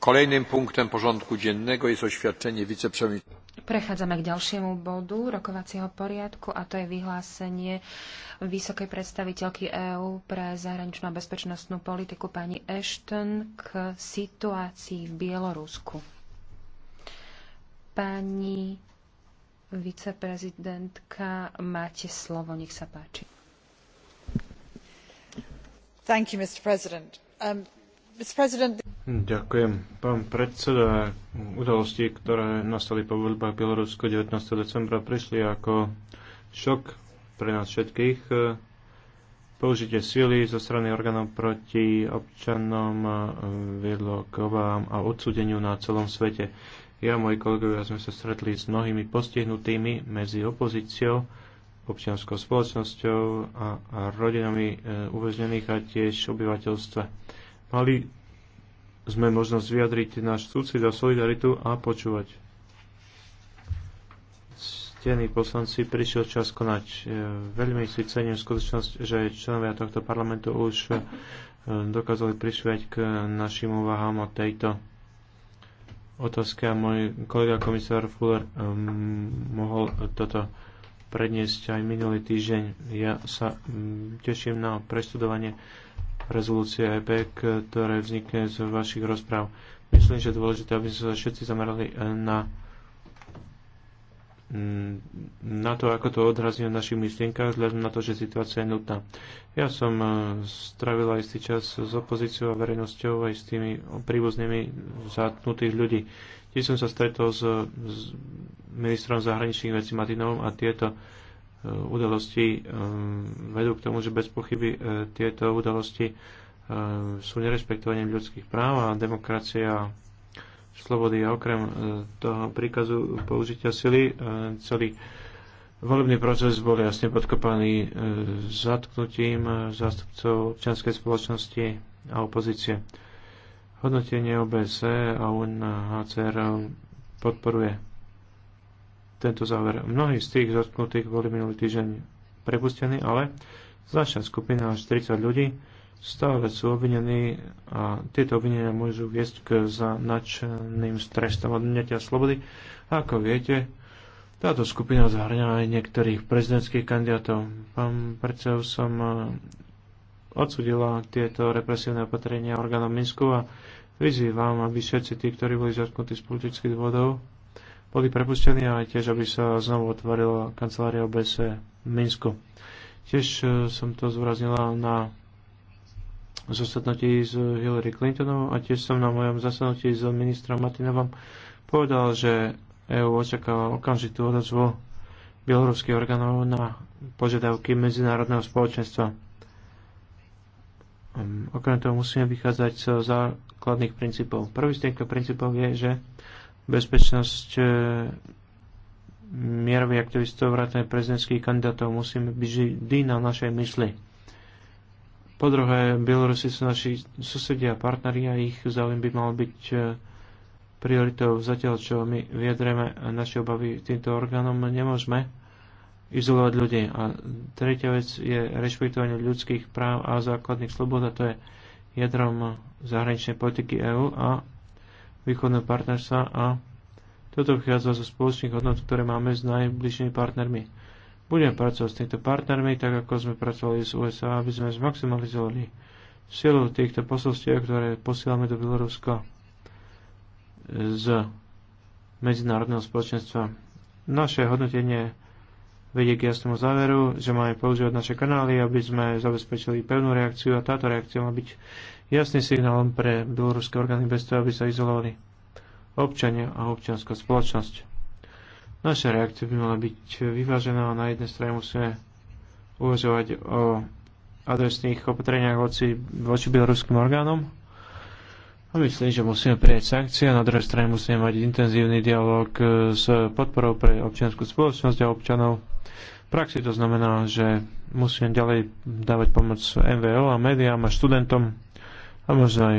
Kolejným punktem porządku dziennego jest oświadczenie wiceprzewodniczącego. Prechádzame k ďalšiemu bodu rokovacieho poriadku a to je vyhlásenie vysokej predstaviteľky EÚ pre zahraničnú a bezpečnostnú politiku pani Ashton k situácii v Bielorusku. Pani viceprezidentka, máte slovo, nech sa páči. Thank you, Mr. President. Um, Ďakujem, pán predseda. Udalosti, ktoré nastali po voľbách Bielorusko 19. decembra, prišli ako šok pre nás všetkých. Použitie sily zo strany orgánov proti občanom viedlo k obávam a odsudeniu na celom svete. Ja a moji kolegovia sme sa stretli s mnohými postihnutými medzi opozíciou, občianskou spoločnosťou a rodinami e, uväznených a tiež obyvateľstva Mali sme možnosť vyjadriť náš súcit a solidaritu a počúvať. Stení poslanci, prišiel čas konať. E, veľmi si cením skutočnosť, že členovia tohto parlamentu už e, dokázali prišvieť k našim úvahám o tejto otázke a môj kolega komisár Fuller um, mohol toto predniesť aj minulý týždeň. Ja sa um, teším na preštudovanie rezolúcie EP, ktoré vznikne z vašich rozpráv. Myslím, že je dôležité, aby sme sa všetci zamerali eh, na mm, na to, ako to odrazí v našich myšlienkach, vzhľadom na to, že situácia je nutná. Ja som eh, stravila istý čas s opozíciou a verejnosťou aj s tými príbuznými zatnutých ľudí. Tiež som sa stretol s, s ministrom zahraničných vecí Matinovom a tieto uh, Eh, udalosti ehm, vedú k tomu, že bez pochyby eh, tieto udalosti ehm, sú nerespektovaním ľudských práv a demokracia slobody a okrem eh, toho príkazu použitia sily celý volebný proces bol jasne podkopaný zatknutím zástupcov občianskej spoločnosti a opozície. Hodnotenie OBC e a UNHCR podporuje tento záver. Mnohí z tých zatknutých boli minulý týždeň prepustení, ale značná skupina až 30 ľudí stále sú obvinení a tieto obvinenia môžu viesť k značným trestom odňatia slobody. A ako viete, táto skupina zahrňa aj niektorých prezidentských kandidátov. Pán predsedov som eh, odsudila tieto represívne opatrenia orgánom Minsku a vyzývam, aby všetci tí, ktorí boli zatknutí z politických dôvodov, boli prepustení, a tiež, aby sa znovu otvorila kancelária OBS e v Minsku. Tiež e, som to zúraznila na zasadnutí s Hillary Clintonovou a tiež som na mojom zasadnutí s ministrom Martinovom povedal, že EU očakáva okamžitú odozvu bieloruských orgánov na požiadavky medzinárodného spoločenstva. Ehm, okrem toho musíme vychádzať z základných princípov. Prvý z týchto princípov je, že bezpečnosť e, mierových aktivistov, vrátane prezidentských kandidátov musíme byť vždy na našej mysli. Po druhé, Bielorusi sú naši susedia a partneri a ich záujem by mal byť e, prioritou. Zatiaľ, čo my vyjadrieme naše obavy týmto orgánom, nemôžeme izolovať ľudí. A tretia vec je rešpektovanie ľudských práv a základných slobod a to je jadrom zahraničnej politiky EÚ a východného partnerstva a toto vychádza zo spoločných hodnot, ktoré máme s najbližšími partnermi. Budeme pracovať s týmito partnermi, tak ako sme pracovali s USA, aby sme zmaximalizovali silu týchto posolstiev, ktoré posielame do Bieloruska z medzinárodného spoločenstva. Naše hodnotenie vedie k jasnému záveru, že máme používať naše kanály, aby sme zabezpečili pevnú reakciu a táto reakcia má byť jasným signálom pre bieloruské orgány bez toho, aby sa izolovali občania a občianská spoločnosť. Naša reakcia by mala byť vyvážená a na jednej strane musíme uvažovať o adresných opatreniach voči, voči bieloruským orgánom a myslím, že musíme prijať sankcie a na druhej strane musíme mať intenzívny dialog s podporou pre občianskú spoločnosť a občanov praxi to znamená, že musíme ďalej dávať pomoc MVO a médiám a študentom a možno aj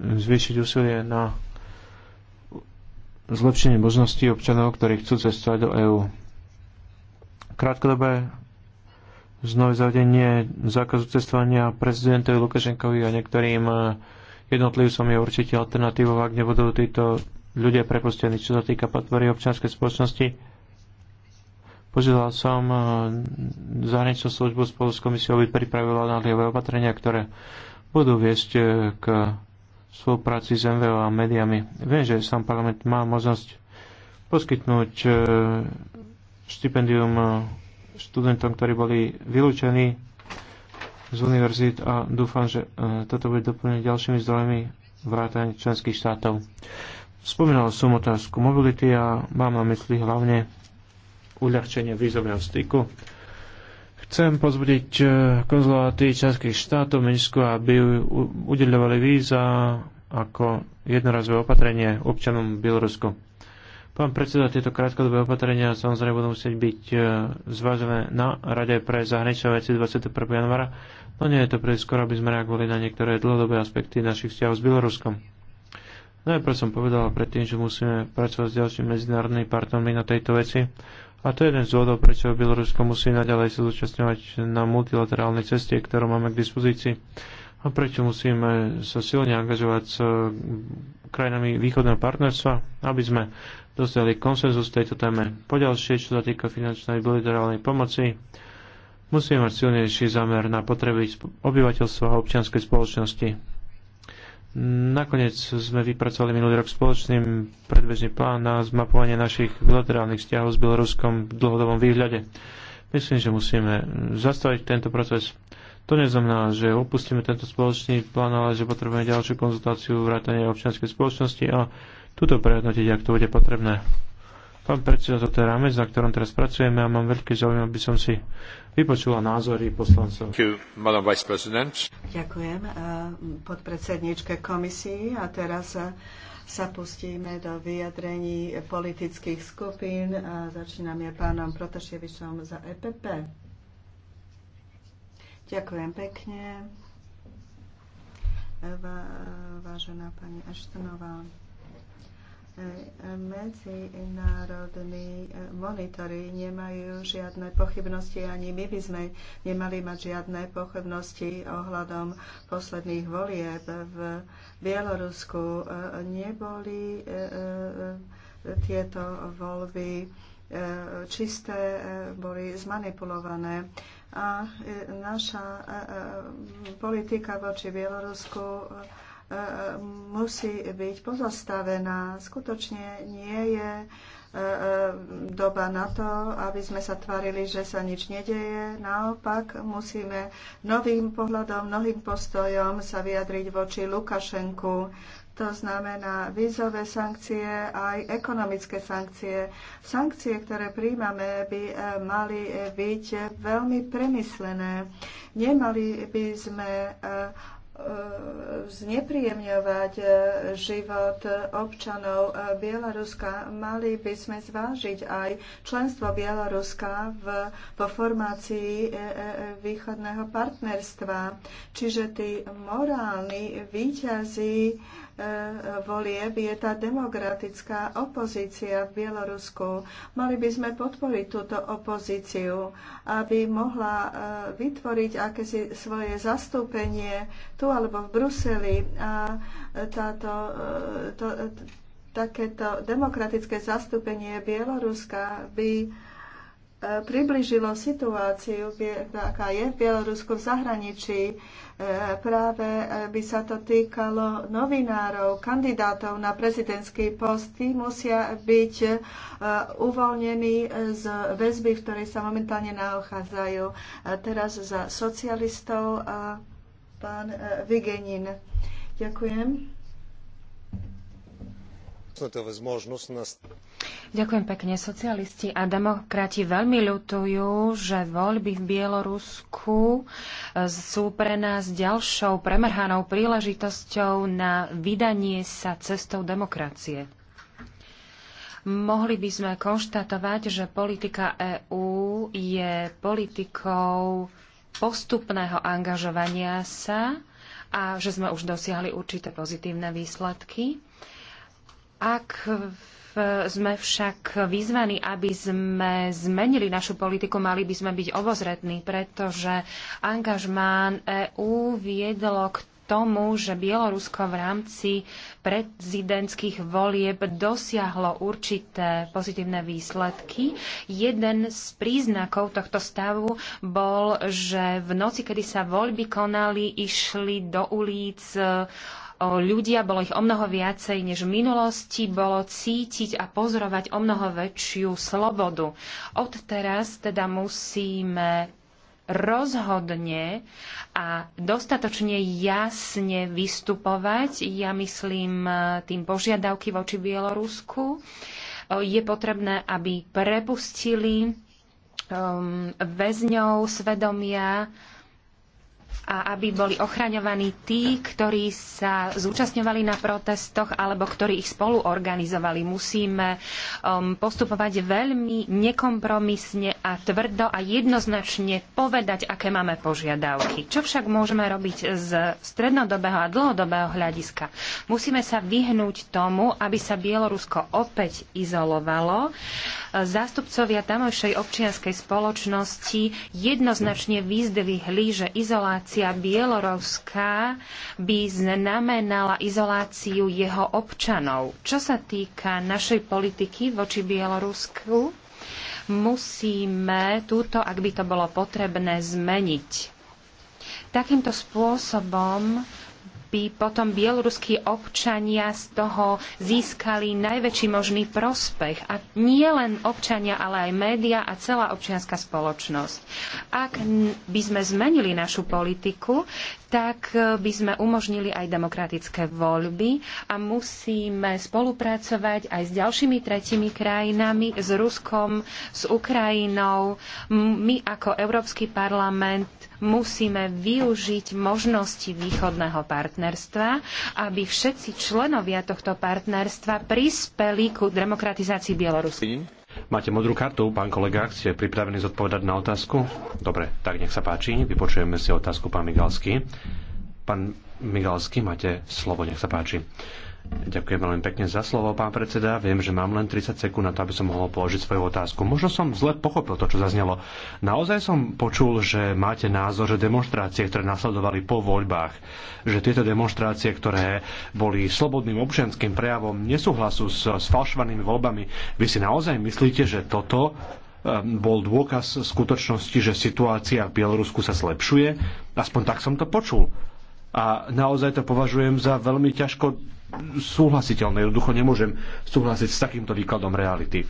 zvýšiť úsilie na zlepšenie možností občanov, ktorí chcú cestovať do EÚ. Krátkodobé znovu zavedenie zákazu cestovania prezidentovi Lukašenkovi a niektorým jednotlivcom je určite alternatívou, ak nebudú títo ľudia prepustení, čo sa týka podpory občianskej spoločnosti Požiadal som e, zahraničnú službu spolu s komisiou, aby pripravila naliehavé opatrenia, ktoré budú viesť e, k spolupráci s MVO a médiami. Viem, že sám parlament má možnosť poskytnúť e, štipendium študentom, ktorí boli vylúčení z univerzít a dúfam, že toto bude doplnené ďalšími zdrojmi vrátane členských štátov. Spomínal som otázku mobility a mám na mysli hlavne uľahčenie vízového styku. Chcem pozbudiť eh, konzuláty členských štátov Minsku, aby udeľovali víza ako jednorazové opatrenie občanom Bielorusku. Pán predseda, tieto krátkodobé opatrenia samozrejme budú musieť byť eh, zvážené na Rade pre zahraničné veci 21. januára, no nie je to príliš skoro, aby sme reagovali na niektoré dlhodobé aspekty našich vzťahov s Bieloruskom. Najprv som povedal predtým, že musíme pracovať s ďalšími medzinárodnými partnermi na tejto veci a to je jeden z dôvodov, prečo Bielorusko musí naďalej sa zúčastňovať na multilaterálnej ceste, ktorú máme k dispozícii. A prečo musíme sa silne angažovať s eh, krajinami východného partnerstva, aby sme dostali konsenzus v tejto téme. Poďalšie, čo sa týka finančnej bilaterálnej pomoci, musíme mať silnejší zámer na potreby obyvateľstva a občianskej spoločnosti. Nakoniec sme vypracovali minulý rok spoločný predbežný plán na zmapovanie našich bilaterálnych vzťahov s Bieloruskom v dlhodobom výhľade. Myslím, že musíme zastaviť tento proces. To neznamená, že opustíme tento spoločný plán, ale že potrebujeme ďalšiu konzultáciu vrátania občianskej spoločnosti a túto prehodnotiť, ak to bude potrebné. Pán predseda, toto je rámec, na ktorom teraz pracujeme a mám veľký záujem, aby som si vypočula názory poslancov. Ďakujem eh, podpredsedničke komisii a teraz eh, sa pustíme do vyjadrení politických skupín a je pánom Protaševičom za EPP. Ďakujem pekne. Eh, vážená pani Aštenová medzinárodní eh, monitory nemajú žiadne pochybnosti, ani my by sme nemali mať žiadne pochybnosti ohľadom posledných volieb v Bielorusku. Eh, neboli eh, tieto voľby čisté, boli zmanipulované a naša politika voči Bielorusku musí byť pozastavená. Skutočne nie je e, e, doba na to, aby sme sa tvarili, že sa nič nedeje. Naopak musíme novým pohľadom, novým postojom sa vyjadriť voči Lukašenku. To znamená vízové sankcie, aj ekonomické sankcie. Sankcie, ktoré príjmame, by e, mali byť veľmi premyslené. Nemali by sme E, znepríjemňovať e, život občanov e, Bieloruska. Mali by sme zvážiť aj členstvo Bieloruska v, po formácii východného partnerstva. Čiže tí morálni výťazí Eh, volieb je tá demokratická opozícia v Bielorusku. Mali by sme podporiť túto opozíciu, aby mohla eh, vytvoriť akési svoje zastúpenie tu alebo v Bruseli. A táto, eh, to, takéto demokratické zastúpenie Bieloruska by približilo situáciu, aká je v Bielorusku v zahraničí. E, práve e, by sa to týkalo novinárov, kandidátov na prezidentský post. Tí musia byť e, uvoľnení z väzby, v ktorej sa momentálne nachádzajú. teraz za socialistov a pán Vigenin. Ďakujem. Možnosť na Ďakujem pekne. Socialisti a demokrati veľmi ľutujú, že voľby v Bielorusku e, sú pre nás ďalšou premrhanou príležitosťou na vydanie sa cestou demokracie. Mohli by sme konštatovať, že politika EÚ je politikou postupného angažovania sa a že sme už dosiahli určité pozitívne výsledky. Ak sme však vyzvaní, aby sme zmenili našu politiku, mali by sme byť obozretní, pretože angažmán EÚ viedlo k tomu, že Bielorusko v rámci prezidentských volieb dosiahlo určité pozitívne výsledky. Jeden z príznakov tohto stavu bol, že v noci, kedy sa voľby konali, išli do ulic ľudia, bolo ich o mnoho viacej než v minulosti, bolo cítiť a pozorovať o mnoho väčšiu slobodu. Od teraz teda musíme rozhodne a dostatočne jasne vystupovať. Ja myslím e, tým požiadavky voči Bielorusku. E, je potrebné, aby prepustili um, väzňov svedomia a aby boli ochraňovaní tí, ktorí sa zúčastňovali na protestoch alebo ktorí ich spolu organizovali. Musíme um, postupovať veľmi nekompromisne a tvrdo a jednoznačne povedať, aké máme požiadavky. Čo však môžeme robiť z strednodobého a dlhodobého hľadiska? Musíme sa vyhnúť tomu, aby sa Bielorusko opäť izolovalo. Zástupcovia tamojšej občianskej spoločnosti jednoznačne vyzdvihli, že izolácia izolácia Bieloruska by znamenala izoláciu jeho občanov. Čo sa týka našej politiky voči Bielorusku, musíme túto, ak by to bolo potrebné, zmeniť. Takýmto spôsobom by potom bieloruskí občania z toho získali najväčší možný prospech. A nie len občania, ale aj média a celá občianská spoločnosť. Ak by sme zmenili našu politiku, tak e, by sme umožnili aj demokratické voľby a musíme spolupracovať aj s ďalšími tretimi krajinami, s Ruskom, s Ukrajinou. My ako Európsky parlament musíme využiť možnosti východného partnerstva, aby všetci členovia tohto partnerstva prispeli ku demokratizácii Bielorusky. Máte modrú kartu, pán kolega, ste pripravení zodpovedať na otázku? Dobre, tak nech sa páči, vypočujeme si otázku pán Migalsky. Pán Migalsky, máte slovo, nech sa páči. Ďakujem veľmi pekne za slovo, pán predseda. Viem, že mám len 30 sekúnd na to, aby som mohol položiť svoju otázku. Možno som zle pochopil to, čo zaznelo. Naozaj som počul, že máte názor, že demonstrácie, ktoré nasledovali po voľbách, že tieto demonstrácie, ktoré boli slobodným občianským prejavom nesúhlasu s, s falšovanými voľbami, vy si naozaj myslíte, že toto um, bol dôkaz skutočnosti, že situácia v Bielorusku sa zlepšuje? Aspoň tak som to počul. A naozaj to považujem za veľmi ťažko súhlasiteľné. Jednoducho nemôžem súhlasiť s takýmto výkladom reality.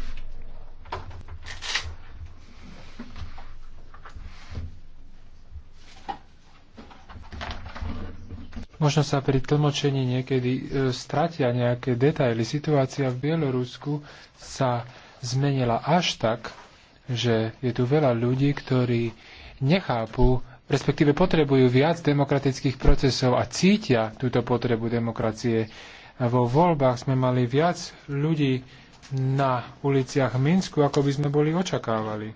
Možno sa pri tlmočení niekedy e, stratia nejaké detaily. Situácia v Bielorusku sa zmenila až tak, že je tu veľa ľudí, ktorí nechápu respektíve potrebujú viac demokratických procesov a cítia túto potrebu demokracie. Vo voľbách sme mali viac ľudí na uliciach Minsku, ako by sme boli očakávali.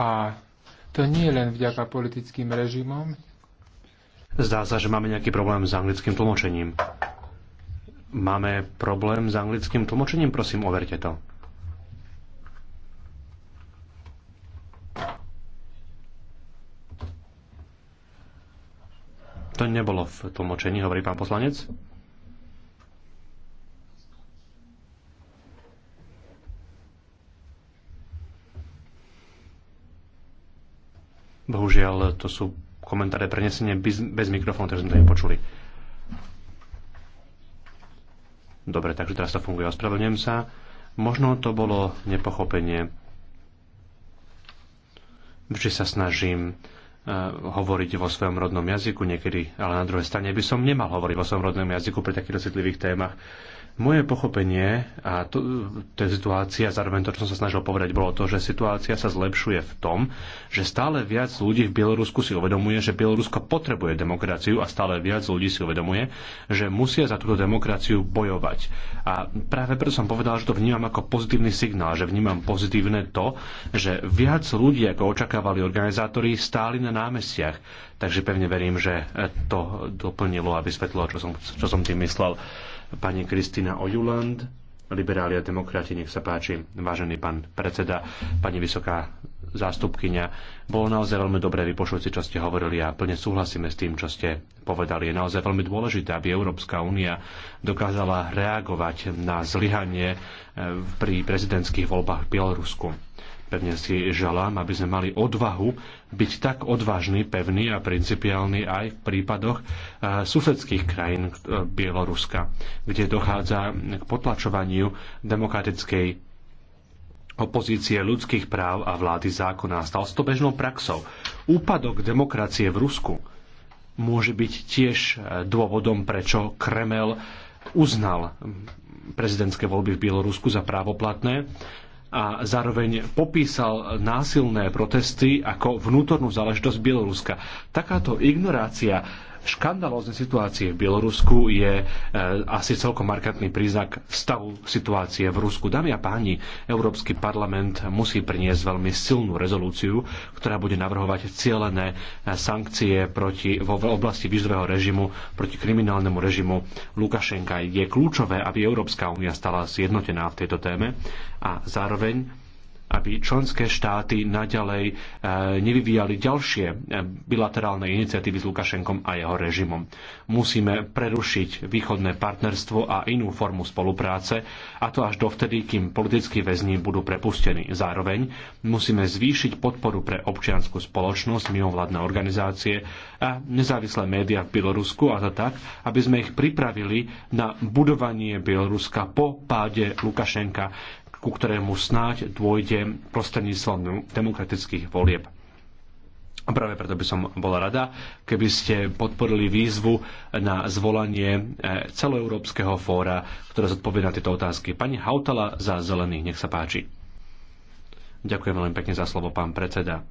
A to nie len vďaka politickým režimom. Zdá sa, že máme nejaký problém s anglickým tlmočením. Máme problém s anglickým tlmočením, prosím, overte to. To nebolo v tlmočení, hovorí pán poslanec. Bohužiaľ, to sú komentáre prenesenie bez, bez mikrofónu, takže sme to nepočuli. Dobre, takže teraz to funguje. Ospravedlňujem sa. Možno to bolo nepochopenie. Vždy sa snažím Eh, hovoriť vo svojom rodnom jazyku niekedy, ale na druhej strane by som nemal hovoriť vo svojom rodnom jazyku pri takýchto citlivých témach. Moje pochopenie a to, to je situácia, zároveň to, čo som sa snažil povedať, bolo to, že situácia sa zlepšuje v tom, že stále viac ľudí v Bielorusku si uvedomuje, že Bielorusko potrebuje demokraciu a stále viac ľudí si uvedomuje, že musia za túto demokraciu bojovať. A práve preto som povedal, že to vnímam ako pozitívny signál, že vnímam pozitívne to, že viac ľudí, ako očakávali organizátori, stáli na námestiach. Takže pevne verím, že to doplnilo a vysvetlilo, čo som, čo som tým myslel pani Kristina Ojuland, liberáli a demokrati, nech sa páči, vážený pán predseda, pani vysoká zástupkynia. Bolo naozaj veľmi dobré vypočuť si, čo ste hovorili a plne súhlasíme s tým, čo ste povedali. Je naozaj veľmi dôležité, aby Európska únia dokázala reagovať na zlyhanie eh, pri prezidentských voľbách v Bielorusku Pevne si želám, aby sme mali odvahu byť tak odvážny, pevný a principiálny aj v prípadoch eh, susedských krajín eh, Bieloruska, kde dochádza k potlačovaniu demokratickej opozície ľudských práv a vlády zákona. Stal s to bežnou praxou. Úpadok demokracie v Rusku môže byť tiež eh, dôvodom, prečo Kremel uznal prezidentské voľby v Bielorusku za právoplatné a zároveň popísal násilné protesty ako vnútornú záležitosť Bieloruska. Takáto ignorácia Škandalózne situácie v Bielorusku je e, asi celkom markantný príznak stavu situácie v Rusku. Dámy a páni, Európsky parlament musí priniesť veľmi silnú rezolúciu, ktorá bude navrhovať cielené e, sankcie proti, vo oblasti výzového režimu proti kriminálnemu režimu Lukašenka. Je kľúčové, aby Európska únia stala zjednotená v tejto téme a zároveň aby členské štáty naďalej e, nevyvíjali ďalšie e, bilaterálne iniciatívy s Lukašenkom a jeho režimom. Musíme prerušiť východné partnerstvo a inú formu spolupráce, a to až dovtedy, kým politickí väzni budú prepustení. Zároveň musíme zvýšiť podporu pre občianskú spoločnosť, mimovládne organizácie a nezávislé médiá v Bielorusku, a to tak, aby sme ich pripravili na budovanie Bieloruska po páde Lukašenka ku ktorému snáď dôjde prostredníctvom demokratických volieb. A práve preto by som bola rada, keby ste podporili výzvu na zvolanie e, celoeurópskeho fóra, ktoré zodpovie na tieto otázky. Pani Hautala za zelených, nech sa páči. Ďakujem veľmi pekne za slovo, pán predseda.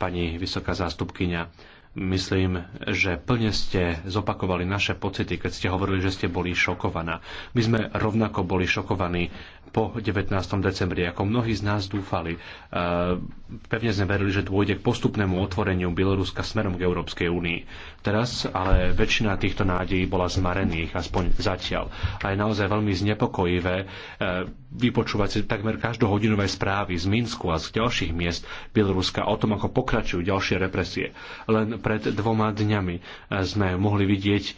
Pani vysoká zástupkynia Myslím, že plne ste zopakovali naše pocity, keď ste hovorili, že ste boli šokovaná. My sme rovnako boli šokovaní po 19. decembri, ako mnohí z nás dúfali. E, pevne sme verili, že dôjde k postupnému otvoreniu Bieloruska smerom k Európskej únii. Teraz ale väčšina týchto nádejí bola zmarených, aspoň zatiaľ. A je naozaj veľmi znepokojivé e, vypočúvať si takmer každohodinové správy z Minsku a z ďalších miest Bieloruska o tom, ako pokračujú ďalšie represie. Len pred dvoma dňami sme mohli vidieť, um,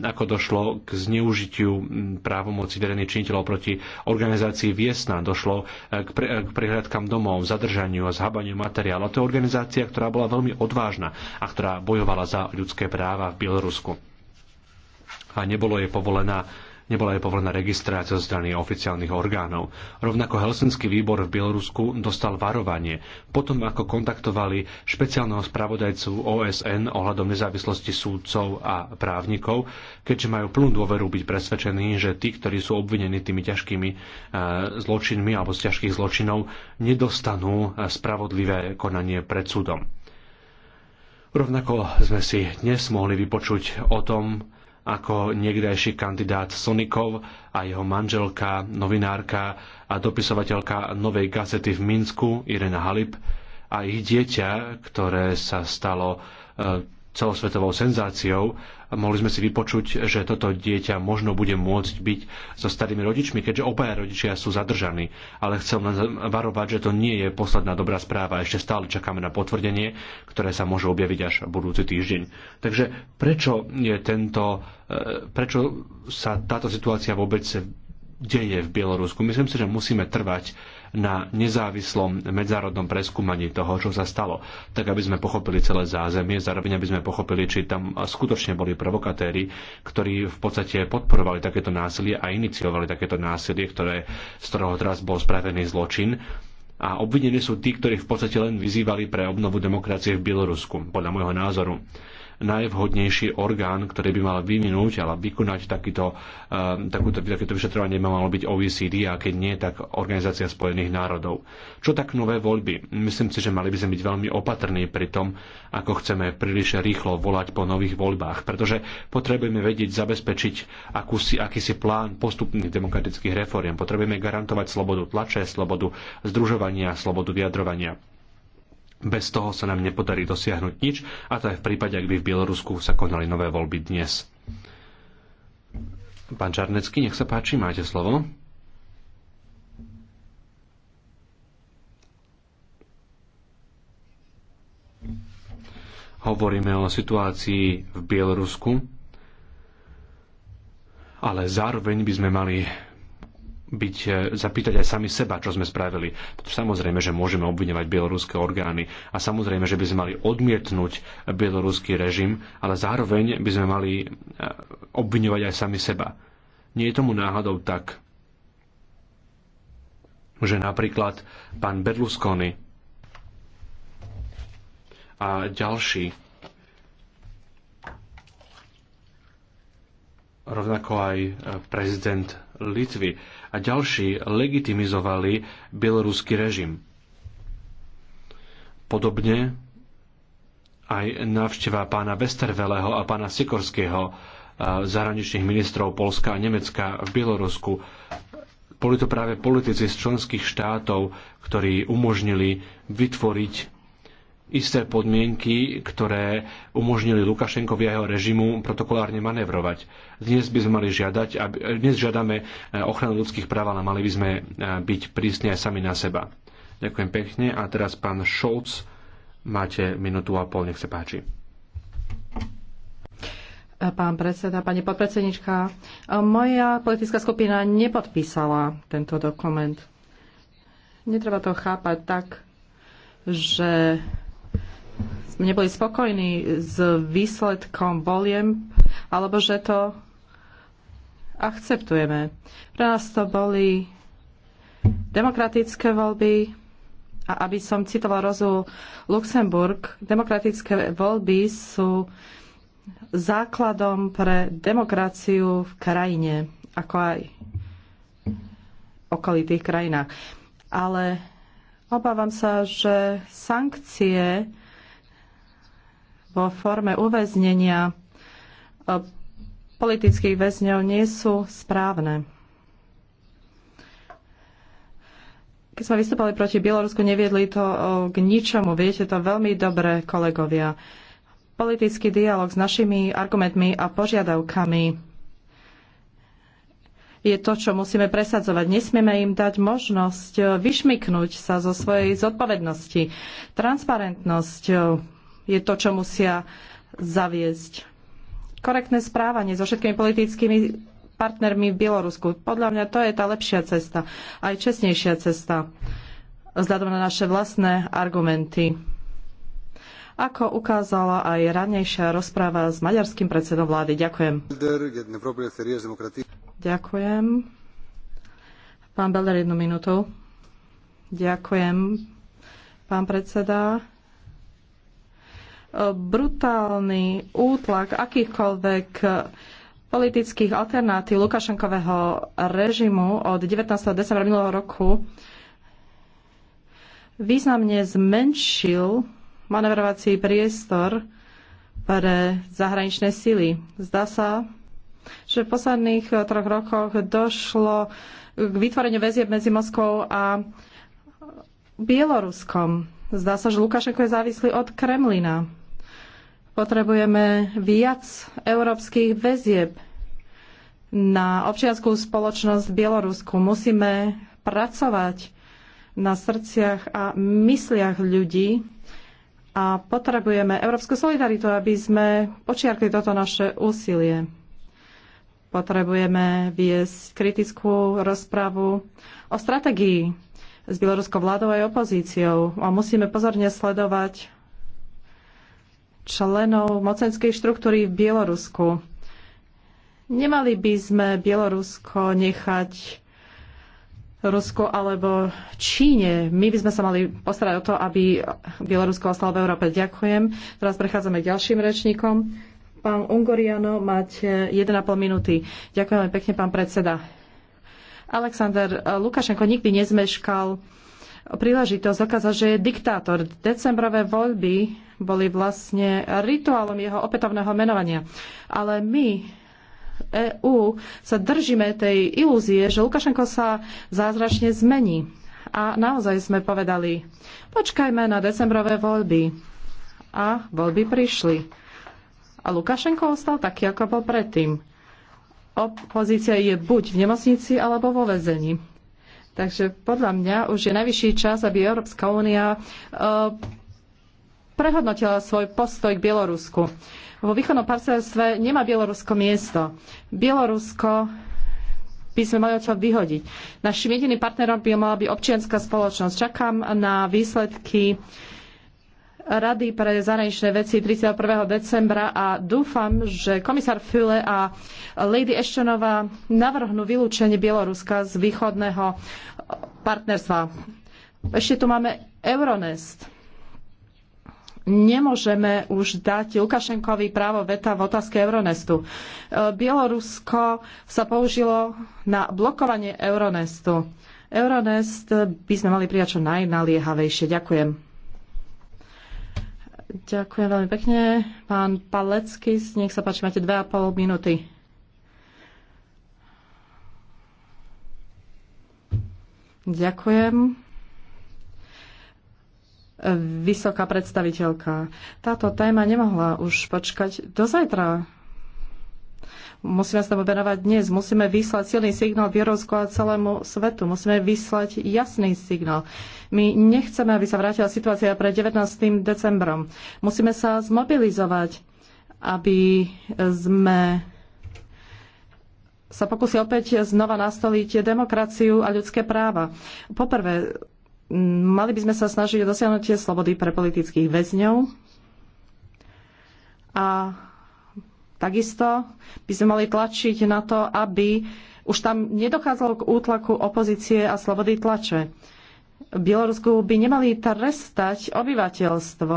ako došlo k zneužitiu um, právomoci verejných činiteľov proti organizácii Viesna. Došlo uh, k, pre, uh, prehľadkám domov, zadržaniu a zhabaniu materiálu. To je organizácia, ktorá bola veľmi odvážna a ktorá bojovala za ľudské práva v Bielorusku a nebolo jej povolená nebola aj povolená registrácia zo strany oficiálnych orgánov. Rovnako Helsinský výbor v Bielorusku dostal varovanie, potom ako kontaktovali špeciálneho spravodajcu OSN ohľadom nezávislosti súdcov a právnikov, keďže majú plnú dôveru byť presvedčení, že tí, ktorí sú obvinení tými ťažkými e, zločinmi alebo z ťažkých zločinov, nedostanú e, spravodlivé konanie pred súdom. Rovnako sme si dnes mohli vypočuť o tom, ako niekdajší kandidát Sonikov a jeho manželka, novinárka a dopisovateľka Novej gazety v Minsku Irena Halib a ich dieťa, ktoré sa stalo e, celosvetovou senzáciou mohli sme si vypočuť, že toto dieťa možno bude môcť byť so starými rodičmi, keďže obaja rodičia sú zadržaní. Ale chcem len varovať, že to nie je posledná dobrá správa. Ešte stále čakáme na potvrdenie, ktoré sa môže objaviť až budúci týždeň. Takže prečo, je tento, e, prečo sa táto situácia vôbec deje v Bielorusku? Myslím si, že musíme trvať na nezávislom medzárodnom preskúmaní toho, čo sa stalo, tak aby sme pochopili celé zázemie, zároveň aby sme pochopili, či tam skutočne boli provokatéri, ktorí v podstate podporovali takéto násilie a iniciovali takéto násilie, ktoré, z ktorého teraz bol spravený zločin a obvinení sú tí, ktorí v podstate len vyzývali pre obnovu demokracie v Bielorusku, podľa môjho názoru najvhodnejší orgán, ktorý by mal vyvinúť alebo vykonať takýto, eh, takúto, takéto vyšetrovanie by malo byť OECD a keď nie, tak Organizácia spojených národov. Čo tak nové voľby? Myslím si, že mali by sme byť veľmi opatrní pri tom, ako chceme príliš rýchlo volať po nových voľbách, pretože potrebujeme vedieť zabezpečiť akúsi, akýsi plán postupných demokratických reforiem. Potrebujeme garantovať slobodu tlače, slobodu združovania, slobodu vyjadrovania. Bez toho sa nám nepodarí dosiahnuť nič, a to aj v prípade, ak by v Bielorusku sa konali nové voľby dnes. Pán Čarnecký, nech sa páči, máte slovo. Hovoríme o situácii v Bielorusku, ale zároveň by sme mali byť, e, zapýtať aj sami seba, čo sme spravili. Pretože samozrejme, že môžeme obviňovať bieloruské orgány a samozrejme, že by sme mali odmietnúť bieloruský režim, ale zároveň by sme mali e, obviňovať aj sami seba. Nie je tomu náhodou tak, že napríklad pán Berlusconi a ďalší rovnako aj e, prezident Litvy a ďalší legitimizovali bieloruský režim. Podobne aj návšteva pána Westerveleho a pána Sikorského zahraničných ministrov Polska a Nemecka v Bielorusku. Boli to práve politici z členských štátov, ktorí umožnili vytvoriť isté podmienky, ktoré umožnili Lukašenkovi a jeho režimu protokolárne manevrovať. Dnes by sme mali žiadať, aby, dnes žiadame eh, ochranu ľudských práv, ale mali by sme eh, byť prísni aj sami na seba. Ďakujem pekne a teraz pán Šolc, máte minútu a pol, nech sa páči. Eh, pán predseda, pani podpredsednička, moja politická skupina nepodpísala tento dokument. Netreba to chápať tak, že neboli spokojní s výsledkom voliem, alebo že to akceptujeme. Pre nás to boli demokratické voľby a aby som citoval Rozu Luxemburg, demokratické voľby sú základom pre demokraciu v krajine, ako aj v okolitých krajinách. Ale obávam sa, že sankcie vo forme uväznenia e, politických väzňov nie sú správne. Keď sme vystúpali proti Bielorusku, neviedli to e, k ničomu. Viete to veľmi dobre, kolegovia. Politický dialog s našimi argumentmi a požiadavkami je to, čo musíme presadzovať. Nesmieme im dať možnosť e, vyšmiknúť sa zo svojej zodpovednosti. Transparentnosť je to, čo musia zaviesť. Korektné správanie so všetkými politickými partnermi v Bielorusku. Podľa mňa to je tá lepšia cesta, aj čestnejšia cesta, vzhľadom na naše vlastné argumenty. Ako ukázala aj ranejšia rozpráva s maďarským predsedom vlády. Ďakujem. Ďakujem. Pán Belder, jednu minútu. Ďakujem, pán predseda brutálny útlak akýchkoľvek politických alternatív Lukašenkového režimu od 19. decembra minulého roku významne zmenšil manevrovací priestor pre zahraničné sily. Zdá sa, že v posledných troch rokoch došlo k vytvoreniu väzieb medzi Moskvou a Bieloruskom. Zdá sa, že Lukašenko je závislý od Kremlina. Potrebujeme viac európskych väzieb na občianskú spoločnosť v Bielorusku. Musíme pracovať na srdciach a mysliach ľudí a potrebujeme európsku solidaritu, aby sme počiarkli toto naše úsilie. Potrebujeme viesť kritickú rozpravu o strategii s bieloruskou vládou aj opozíciou a musíme pozorne sledovať členov mocenskej štruktúry v Bielorusku. Nemali by sme Bielorusko nechať Rusko alebo Číne. My by sme sa mali postarať o to, aby Bielorusko ostalo v Európe. Ďakujem. Teraz prechádzame k ďalším rečníkom. Pán Ungoriano, máte 1,5 minúty. Ďakujem pekne, pán predseda. Alexander Lukašenko nikdy nezmeškal príležitosť dokázať, že je diktátor. Decembrové voľby boli vlastne rituálom jeho opätovného menovania. Ale my, EÚ, sa držíme tej ilúzie, že Lukašenko sa zázračne zmení. A naozaj sme povedali, počkajme na decembrové voľby. A voľby prišli. A Lukašenko ostal taký, ako bol predtým. Opozícia je buď v nemocnici, alebo vo väzení. Takže podľa mňa už je najvyšší čas, aby Európska únia uh, prehodnotila svoj postoj k Bielorusku. Vo východnom partnerstve nemá Bielorusko miesto. Bielorusko by sme mali odtiaľ vyhodiť. Našim jediným partnerom by mala byť občianská spoločnosť. Čakám na výsledky Rady pre zahraničné veci 31. decembra a dúfam, že komisár Füle a Lady Eštonová navrhnú vylúčenie Bieloruska z východného partnerstva. Ešte tu máme Euronest nemôžeme už dať Lukašenkovi právo veta v otázke Euronestu. E, Bielorusko sa použilo na blokovanie Euronestu. Euronest by sme mali prijať čo najnaliehavejšie. Ďakujem. Ďakujem veľmi pekne. Pán Palecký, nech sa páči, máte 2,5 minúty. Ďakujem vysoká predstaviteľka. Táto téma nemohla už počkať do zajtra. Musíme sa tomu venovať dnes. Musíme vyslať silný signál v a celému svetu. Musíme vyslať jasný signál. My nechceme, aby sa vrátila situácia pred 19. decembrom. Musíme sa zmobilizovať, aby sme sa pokusili opäť znova nastoliť demokraciu a ľudské práva. Poprvé, Mali by sme sa snažiť o dosiahnutie slobody pre politických väzňov a takisto by sme mali tlačiť na to, aby už tam nedochádzalo k útlaku opozície a slobody tlače. V Bielorusku by nemali trestať obyvateľstvo.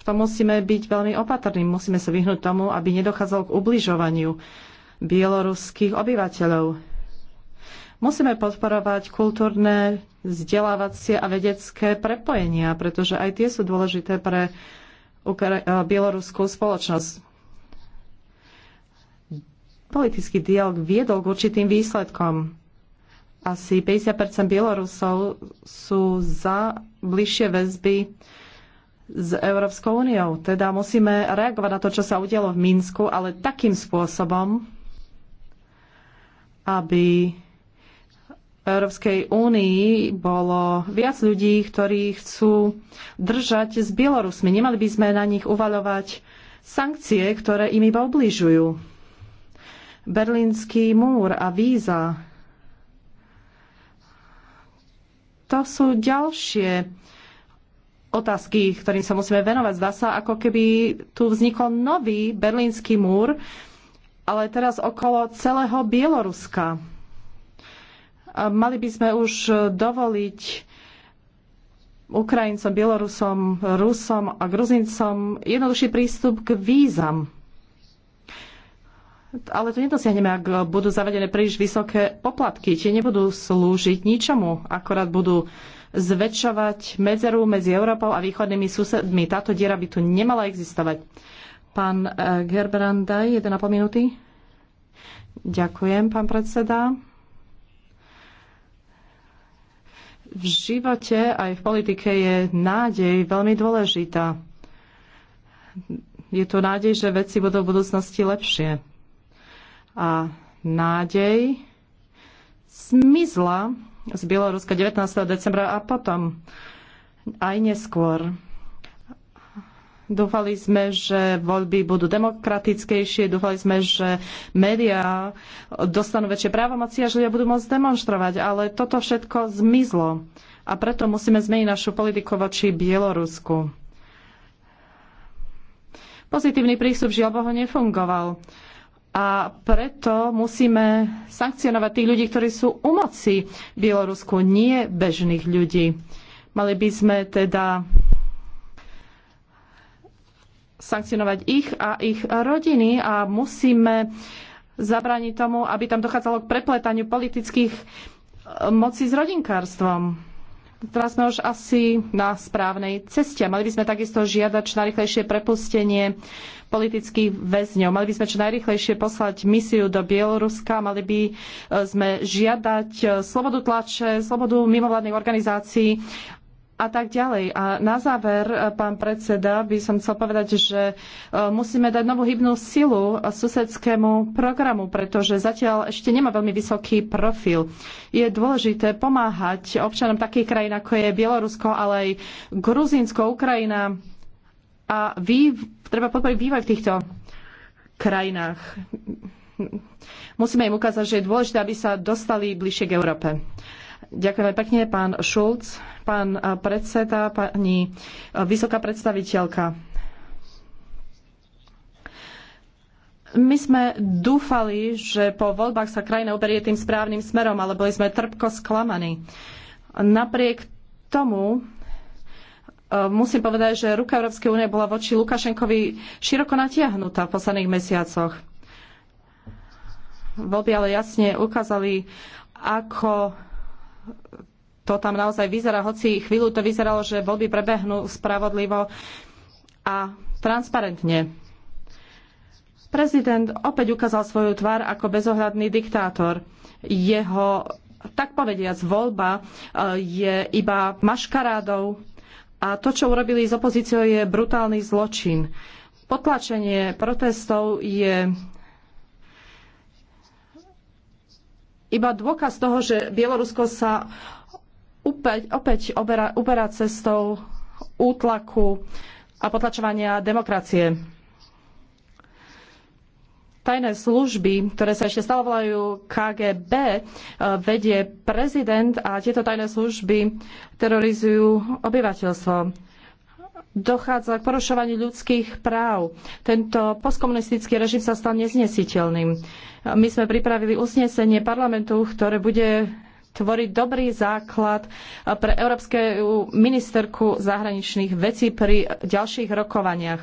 V tom musíme byť veľmi opatrní. Musíme sa vyhnúť tomu, aby nedochádzalo k ubližovaniu bieloruských obyvateľov Musíme podporovať kultúrne, vzdelávacie a vedecké prepojenia, pretože aj tie sú dôležité pre eh, bieloruskú spoločnosť politický dialog viedol k určitým výsledkom. Asi 50 Bielorusov sú za bližšie väzby s Európskou úniou. Teda musíme reagovať na to, čo sa udialo v Minsku, ale takým spôsobom, aby Európskej únii bolo viac ľudí, ktorí chcú držať s Bielorusmi. Nemali by sme na nich uvaľovať sankcie, ktoré im iba obližujú. Berlínsky múr a víza. To sú ďalšie otázky, ktorým sa musíme venovať. Zdá sa, ako keby tu vznikol nový berlínsky múr, ale teraz okolo celého Bieloruska Mali by sme už dovoliť Ukrajincom, Bielorusom, Rusom a Gruzincom jednoduchší prístup k vízam. Ale to nedosiahneme, ak budú zavedené príliš vysoké poplatky. Tie nebudú slúžiť ničomu, akorát budú zväčšovať medzeru medzi Európou a východnými susedmi. Táto diera by tu nemala existovať. Pán eh, Gerberandaj, 1,5 minúty. Ďakujem, pán predseda. V živote aj v politike je nádej veľmi dôležitá. Je to nádej, že veci budú v budúcnosti lepšie. A nádej zmizla z Bieloruska 19. decembra a potom aj neskôr. Dúfali sme, že voľby budú demokratickejšie, dúfali sme, že médiá dostanú väčšie právomoci a že ľudia budú môcť demonstrovať, ale toto všetko zmizlo. A preto musíme zmeniť našu politiku voči Bielorusku. Pozitívny prístup žiaľ Bohu nefungoval. A preto musíme sankcionovať tých ľudí, ktorí sú u moci Bielorusku, nie bežných ľudí. Mali by sme teda sankcionovať ich a ich rodiny a musíme zabrániť tomu, aby tam dochádzalo k prepletaniu politických eh, moci s rodinkárstvom. Teraz sme už asi na správnej ceste. Mali by sme takisto žiadať čo najrychlejšie prepustenie politických väzňov. Mali by sme čo najrychlejšie poslať misiu do Bieloruska. Mali by eh, sme žiadať eh, slobodu tlače, slobodu mimovládnych organizácií a tak ďalej. A na záver, e, pán predseda, by som chcel povedať, že e, musíme dať novú hybnú silu susedskému programu, pretože zatiaľ ešte nemá veľmi vysoký profil. Je dôležité pomáhať občanom takých krajín, ako je Bielorusko, ale aj Gruzínsko, Ukrajina. A vy, treba podporiť vývoj v týchto krajinách. Musíme im ukázať, že je dôležité, aby sa dostali bližšie k Európe. Ďakujem pekne, pán Šulc pán predseda, pani vysoká predstaviteľka. My sme dúfali, že po voľbách sa krajina uberie tým správnym smerom, ale boli sme trpko sklamaní. Napriek tomu e, musím povedať, že ruka Európskej únie bola voči Lukašenkovi široko natiahnutá v posledných mesiacoch. Voľby ale jasne ukázali, ako to tam naozaj vyzerá, hoci chvíľu to vyzeralo, že voľby prebehnú spravodlivo a transparentne. Prezident opäť ukázal svoju tvár ako bezohľadný diktátor. Jeho, tak povediac, voľba e, je iba maškarádou a to, čo urobili s opozíciou, je brutálny zločin. Potlačenie protestov je iba dôkaz toho, že Bielorusko sa opäť, opäť uberá cestou útlaku a potlačovania demokracie. Tajné služby, ktoré sa ešte stále volajú KGB, eh, vedie prezident a tieto tajné služby terorizujú obyvateľstvo. Dochádza k porušovaniu ľudských práv. Tento postkomunistický režim sa stal neznesiteľným. My sme pripravili uznesenie parlamentu, ktoré bude Tvorí dobrý základ eh, pre európske ministerku zahraničných vecí pri ďalších rokovaniach.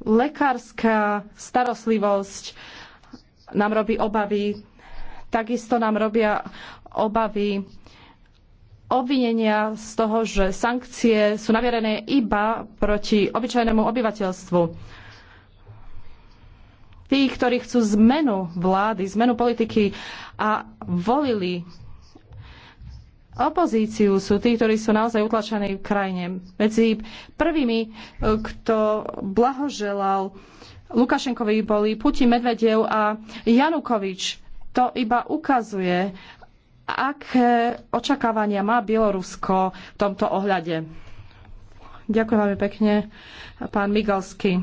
Lekárska starostlivosť nám robí obavy, takisto nám robia obavy obvinenia z toho, že sankcie sú navierené iba proti obyčajnému obyvateľstvu tí, ktorí chcú zmenu vlády, zmenu politiky a volili opozíciu, sú tí, ktorí sú naozaj utlačení v krajine. Medzi prvými, e, kto blahoželal Lukašenkovi boli Putin, Medvedev a Janukovič. To iba ukazuje, aké očakávania má Bielorusko v tomto ohľade. Ďakujem veľmi pekne, pán Migalsky.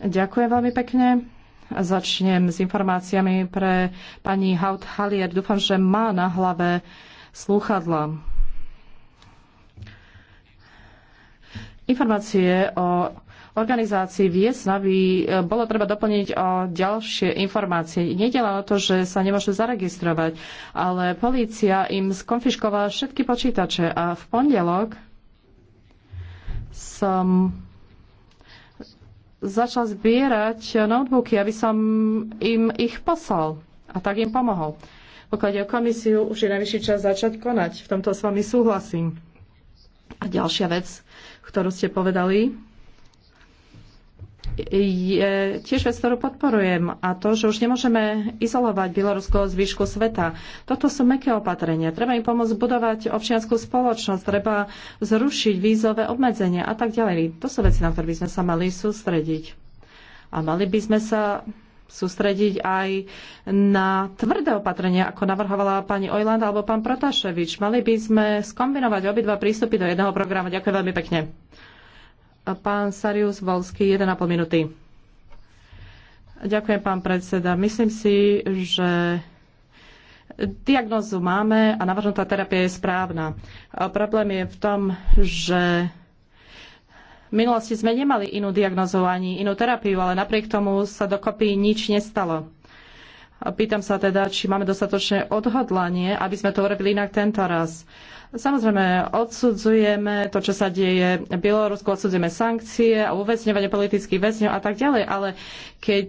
Ďakujem veľmi pekne. Začnem s informáciami pre pani Haut Halier. Dúfam, že má na hlave slúchadla. Informácie o organizácii Viesnavy bolo treba doplniť o ďalšie informácie. Nedela o to, že sa nemôžu zaregistrovať, ale polícia im skonfiškovala všetky počítače a v pondelok som začal zbierať notebooky, aby som im ich poslal a tak im pomohol. Pokiaľ o komisiu, už je najvyšší čas začať konať. V tomto s vami súhlasím. A ďalšia vec, ktorú ste povedali, je tiež vec, ktorú podporujem a to, že už nemôžeme izolovať Bielorusko z výšku sveta. Toto sú meké opatrenia. Treba im pomôcť budovať občianskú spoločnosť, treba zrušiť vízové obmedzenia a tak ďalej. To sú veci, na ktoré by sme sa mali sústrediť. A mali by sme sa sústrediť aj na tvrdé opatrenia, ako navrhovala pani Ojland alebo pán Protaševič. Mali by sme skombinovať obidva prístupy do jedného programu. Ďakujem veľmi pekne. Pán Sarius Volský, 1,5 minúty. Ďakujem, pán predseda. Myslím si, že diagnózu máme a navrhnutá terapia je správna. A problém je v tom, že v minulosti sme nemali inú diagnózu ani inú terapiu, ale napriek tomu sa dokopy nič nestalo. A pýtam sa teda, či máme dostatočné odhodlanie, aby sme to urobili inak tento raz. Samozrejme, odsudzujeme to, čo sa deje v Bielorusku, odsudzujeme sankcie a uväzňovanie politických väzňov a tak ďalej, ale keď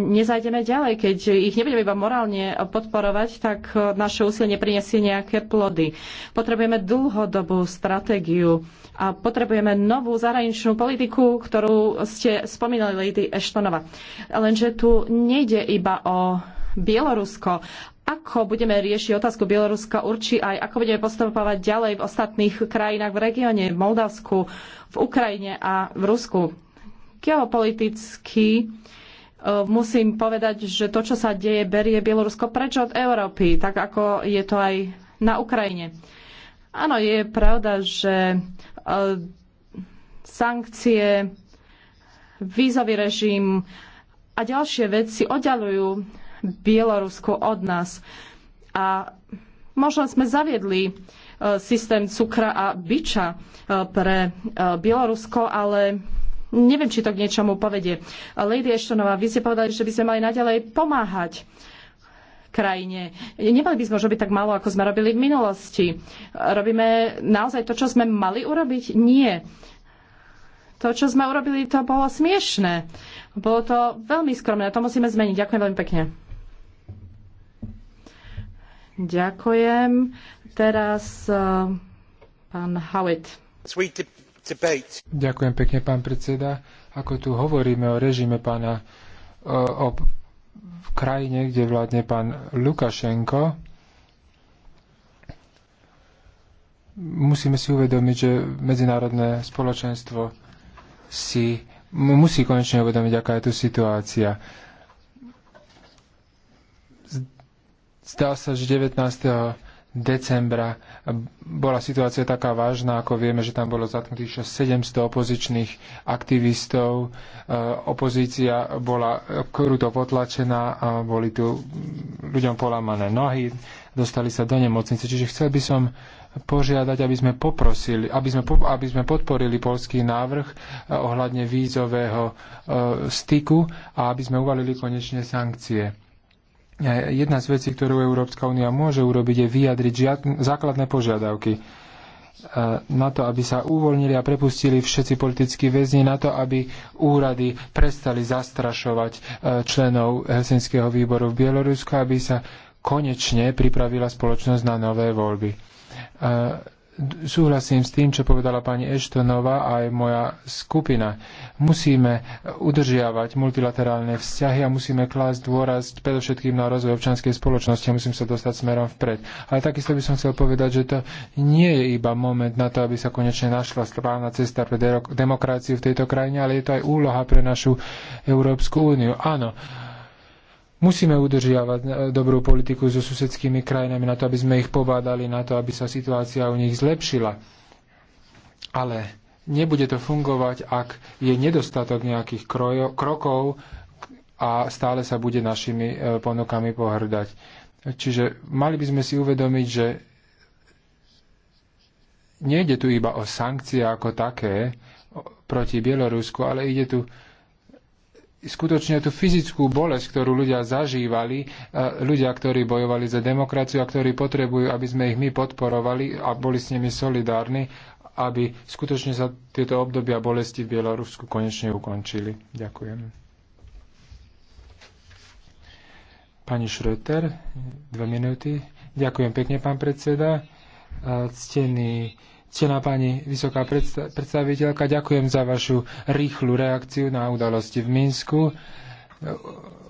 nezajdeme ďalej, keď ich nebudeme iba morálne podporovať, tak naše úsilie neprinesie nejaké plody. Potrebujeme dlhodobú stratégiu a potrebujeme novú zahraničnú politiku, ktorú ste spomínali, Lady Ashtonova. Lenže tu nejde iba o Bielorusko. Ako budeme riešiť otázku Bieloruska, určí aj ako budeme postupovať ďalej v ostatných krajinách v regióne, v Moldavsku, v Ukrajine a v Rusku. Geopoliticky e, musím povedať, že to, čo sa deje, berie Bielorusko preč od Európy, tak ako je to aj na Ukrajine. Áno, je pravda, že e, sankcie, vízový režim a ďalšie veci oddalujú Bielorusku od nás. A možno sme zaviedli e, systém cukra a biča e, pre e, Bielorusko, ale neviem, či to k niečomu povedie. Lady Eštonová, vy ste povedali, že by sme mali naďalej pomáhať krajine. Nemali by sme robiť tak málo, ako sme robili v minulosti. Robíme naozaj to, čo sme mali urobiť? Nie. To, čo sme urobili, to bolo smiešné. Bolo to veľmi skromné. To musíme zmeniť. Ďakujem veľmi pekne. Ďakujem. Teraz uh, pán Howitt. Ďakujem pekne, pán predseda. Ako tu hovoríme o režime pána, e, o, o krajine, kde vládne pán Lukašenko, musíme si uvedomiť, že medzinárodné spoločenstvo si musí konečne uvedomiť, aká je tu situácia. Zdá sa, že 19. decembra bola situácia taká vážna, ako vieme, že tam bolo zatknutých 700 opozičných aktivistov. E, opozícia bola kruto potlačená a boli tu ľuďom polamané nohy, dostali sa do nemocnice. Čiže chcel by som požiadať, aby sme poprosili, aby sme, aby sme podporili polský návrh e, ohľadne vízového e, styku a aby sme uvalili konečne sankcie jedna z vecí, ktorú Európska únia môže urobiť, je vyjadriť žiad, základné požiadavky e, na to, aby sa uvoľnili a prepustili všetci politickí väzni, na to, aby úrady prestali zastrašovať e, členov Helsinského výboru v Bielorusku, aby sa konečne pripravila spoločnosť na nové voľby e, súhlasím s tým, čo povedala pani Eštonová a aj moja skupina. Musíme udržiavať multilaterálne vzťahy a musíme klásť dôraz predovšetkým na rozvoj občianskej spoločnosti a musím sa dostať smerom vpred. Ale takisto by som chcel povedať, že to nie je iba moment na to, aby sa konečne našla správna cesta pre demokraciu v tejto krajine, ale je to aj úloha pre našu Európsku úniu. Áno, Musíme udržiavať e, dobrú politiku so susedskými krajinami na to, aby sme ich pobádali, na to, aby sa situácia u nich zlepšila. Ale nebude to fungovať, ak je nedostatok nejakých krojo, krokov a stále sa bude našimi e, ponukami pohrdať. Čiže mali by sme si uvedomiť, že nejde tu iba o sankcie ako také proti Bielorusku, ale ide tu skutočne tú fyzickú bolesť, ktorú ľudia zažívali, e, ľudia, ktorí bojovali za demokraciu a ktorí potrebujú, aby sme ich my podporovali a boli s nimi solidárni, aby skutočne sa tieto obdobia bolesti v Bielorusku konečne ukončili. Ďakujem. Pani Šröter, dve minúty. Ďakujem pekne, pán predseda. E, Ctený Cená pani vysoká predstaviteľka, ďakujem za vašu rýchlu reakciu na udalosti v Minsku.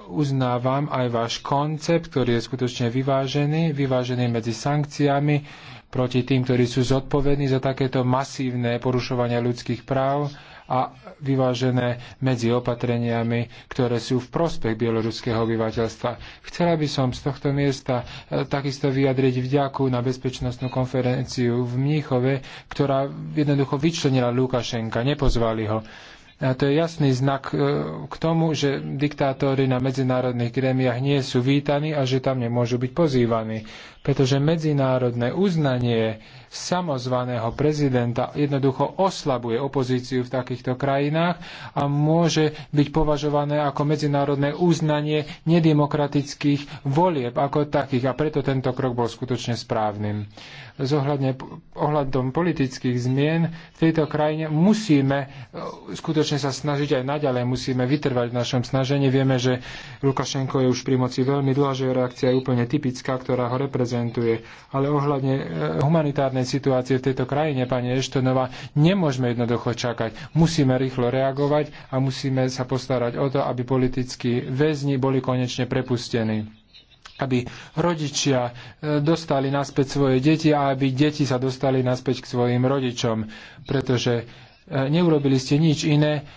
Uznávam aj váš koncept, ktorý je skutočne vyvážený, vyvážený medzi sankciami proti tým, ktorí sú zodpovední za takéto masívne porušovanie ľudských práv a vyvážené medzi opatreniami, ktoré sú v prospech bieloruského obyvateľstva. Chcela by som z tohto miesta e, takisto vyjadriť vďaku na bezpečnostnú konferenciu v Mníchove, ktorá jednoducho vyčlenila Lukašenka, nepozvali ho. A to je jasný znak e, k tomu, že diktátori na medzinárodných gremiách nie sú vítaní a že tam nemôžu byť pozývaní pretože medzinárodné uznanie samozvaného prezidenta jednoducho oslabuje opozíciu v takýchto krajinách a môže byť považované ako medzinárodné uznanie nedemokratických volieb ako takých a preto tento krok bol skutočne správnym. Zohľadne ohľadom politických zmien v tejto krajine musíme e, skutočne sa snažiť aj naďalej, musíme vytrvať v našom snažení. Vieme, že Lukašenko je už pri moci veľmi dlho, že reakcia je úplne typická, ktorá ho reprezentuje reprezentuje. Ale ohľadne e, humanitárnej situácie v tejto krajine, pani Eštonová, nemôžeme jednoducho čakať. Musíme rýchlo reagovať a musíme sa postarať o to, aby politickí väzni boli konečne prepustení aby rodičia e, dostali naspäť svoje deti a aby deti sa dostali naspäť k svojim rodičom, pretože e, neurobili ste nič iné,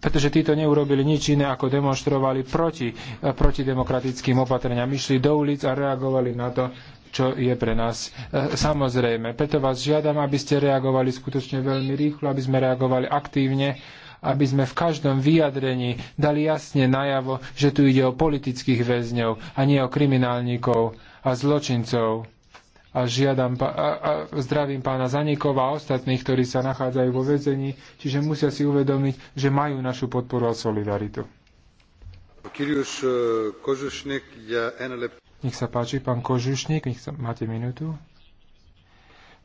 pretože títo neurobili nič iné, ako demonstrovali proti, eh, proti demokratickým opatreniam. Išli do ulic a reagovali na to, čo je pre nás e, samozrejme. Preto vás žiadam, aby ste reagovali skutočne veľmi rýchlo, aby sme reagovali aktívne, aby sme v každom vyjadrení dali jasne najavo, že tu ide o politických väzňov a nie o kriminálnikov a zločincov a žiadam, a, a zdravím pána Zanikova a ostatných, ktorí sa nachádzajú vo vezení, čiže musia si uvedomiť, že majú našu podporu a solidaritu. Eh, nech sa páči, pán Kožušník, nech sa, máte minútu.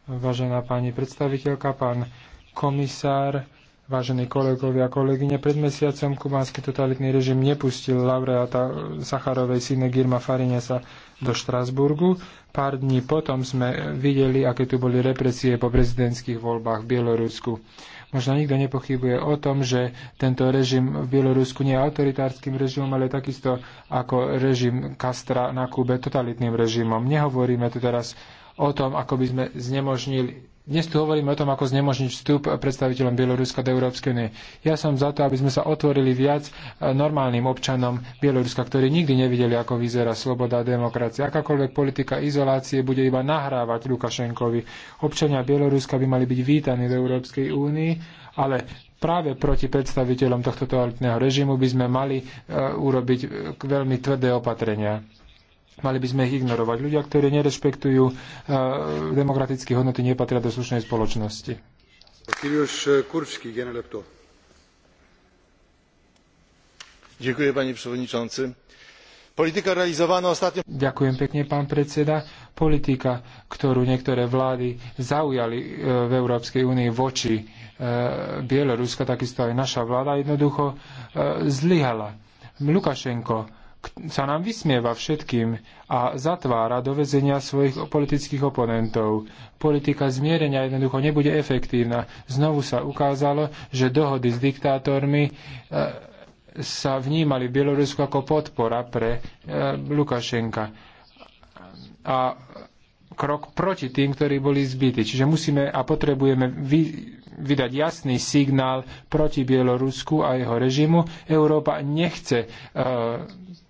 Vážená pani predstaviteľka, pán komisár, vážení kolegovia a kolegyne, pred mesiacom kubánsky totalitný režim nepustil laureáta Sacharovej syne Girma Farinesa do Štrasburgu. Pár dní potom sme videli, aké tu boli represie po prezidentských voľbách v Bielorusku. Možno nikto nepochybuje o tom, že tento režim v Bielorusku nie je autoritárskym režimom, ale takisto ako režim Kastra na Kube totalitným režimom. Nehovoríme tu teraz o tom, ako by sme znemožnili dnes tu hovoríme o tom, ako znemožniť vstup predstaviteľom Bieloruska do Európskej únie. Ja som za to, aby sme sa otvorili viac eh, normálnym občanom Bieloruska, ktorí nikdy nevideli, ako vyzerá sloboda a demokracia. Akákoľvek politika izolácie bude iba nahrávať Lukašenkovi. Občania Bieloruska by mali byť vítaní do Európskej únii, ale práve proti predstaviteľom tohto totalitného režimu by sme mali eh, urobiť eh, veľmi tvrdé opatrenia. Mali by sme ich ignorovať. Ľudia, ktorí nerešpektujú uh, demokratické hodnoty, nepatria do slušnej spoločnosti. Ďakujem, pani przewodniczący. Politika realizovaná ostatnio... Ďakujem pekne, pán predseda. Politika, ktorú niektoré vlády zaujali e, v Európskej únii voči e, Bieloruska, takisto aj naša vláda, jednoducho zlyhala. Lukašenko sa nám vysmieva všetkým a zatvára do vezenia svojich politických oponentov. Politika zmierenia jednoducho nebude efektívna. Znovu sa ukázalo, že dohody s diktátormi e, sa vnímali v Bielorusku ako podpora pre e, Lukašenka. A krok proti tým, ktorí boli zbytí. Čiže musíme a potrebujeme vy, vydať jasný signál proti Bielorusku a jeho režimu. Európa nechce e,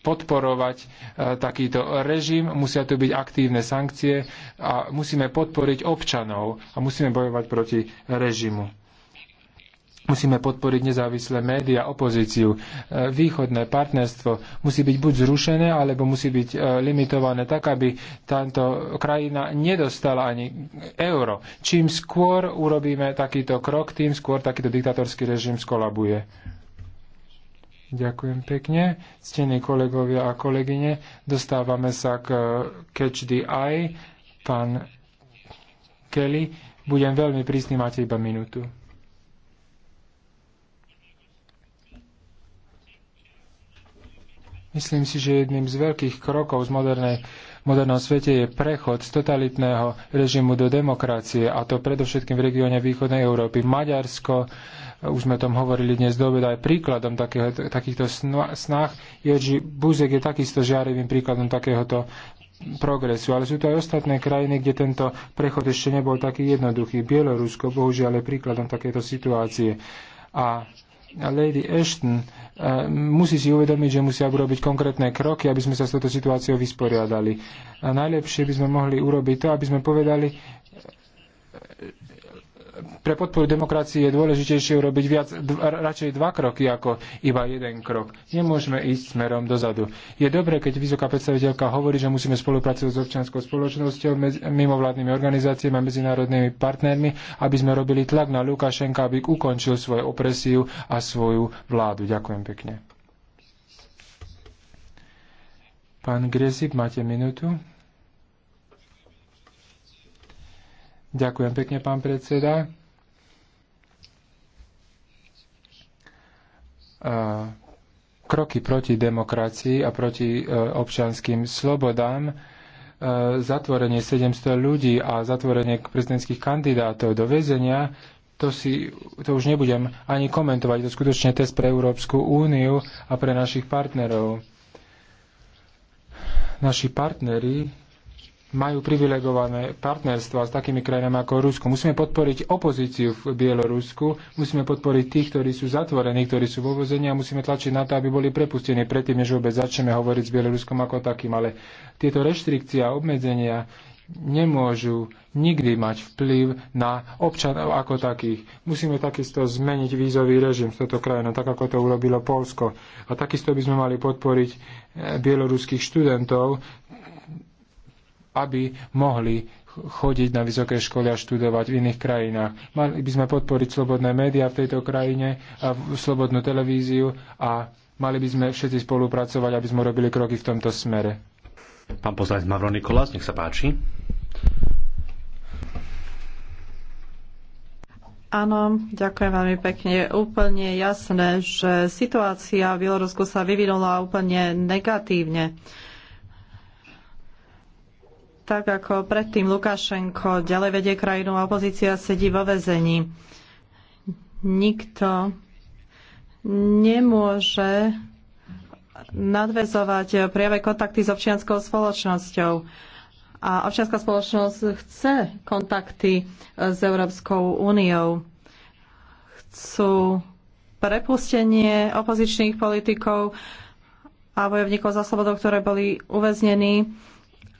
podporovať e, takýto režim, musia tu byť aktívne sankcie a musíme podporiť občanov a musíme bojovať proti režimu. Musíme podporiť nezávislé médiá, opozíciu. E, východné partnerstvo musí byť buď zrušené, alebo musí byť e, limitované tak, aby táto krajina nedostala ani euro. Čím skôr urobíme takýto krok, tým skôr takýto diktatorský režim skolabuje. Ďakujem pekne. Ctení kolegovia a kolegyne, dostávame sa k e, Catch the Eye. Pán Kelly, budem veľmi prísny, máte iba minútu. Myslím si, že jedným z veľkých krokov z modernej, modernom svete je prechod z totalitného režimu do demokracie, a to predovšetkým v regióne východnej Európy. Maďarsko, eh, už sme o tom hovorili dnes do aj príkladom takého, takýchto snah. Jerzy Buzek je takisto žiarivým príkladom takéhoto progresu, ale sú to aj ostatné krajiny, kde tento prechod ešte nebol taký jednoduchý. Bielorusko bohužiaľ je príkladom takéto situácie. A Lady Ashton musí si uvedomiť, že musia urobiť konkrétne kroky, aby sme sa s touto situáciou vysporiadali. A najlepšie by sme mohli urobiť to, aby sme povedali, pre podporu demokracie je dôležitejšie urobiť viac, radšej dva kroky ako iba jeden krok. Nemôžeme ísť smerom dozadu. Je dobré, keď vysoká predstaviteľka hovorí, že musíme spolupracovať s občianskou spoločnosťou, medzi, mimovládnymi organizáciami a medzinárodnými partnermi, aby sme robili tlak na Lukašenka, aby ukončil svoju opresiu a svoju vládu. Ďakujem pekne. Pán Gresip, máte minútu. Ďakujem pekne, pán predseda. Kroky proti demokracii a proti e, občanským slobodám, e, zatvorenie 700 ľudí a zatvorenie prezidentských kandidátov do väzenia, to, si, to už nebudem ani komentovať. To je skutočne test pre Európsku úniu a pre našich partnerov. Naši partneri majú privilegované partnerstva s takými krajinami ako Rusko. Musíme podporiť opozíciu v Bielorusku, musíme podporiť tých, ktorí sú zatvorení, ktorí sú vo vození a musíme tlačiť na to, aby boli prepustení predtým, než vôbec začneme hovoriť s Bieloruskom ako takým. Ale tieto reštrikcie a obmedzenia nemôžu nikdy mať vplyv na občanov ako takých. Musíme takisto zmeniť vízový režim v toto krajinu, tak ako to urobilo Polsko. A takisto by sme mali podporiť eh, bieloruských študentov, aby mohli chodiť na vysoké školy a študovať v iných krajinách. Mali by sme podporiť slobodné médiá v tejto krajine a slobodnú televíziu a mali by sme všetci spolupracovať, aby sme robili kroky v tomto smere. Pán poslanec Mavro Nikolás, nech sa páči. Áno, ďakujem veľmi pekne. Je úplne jasné, že situácia v Bielorusku sa vyvinula úplne negatívne. Uh, tak ako predtým Lukašenko ďalej vedie krajinu a opozícia sedí vo vezení. Nikto nemôže nadvezovať priame kontakty s občianskou spoločnosťou. A občianská spoločnosť chce kontakty s Európskou úniou. Chcú prepustenie opozičných politikov a bojovníkov za slobodu, ktoré boli uväznení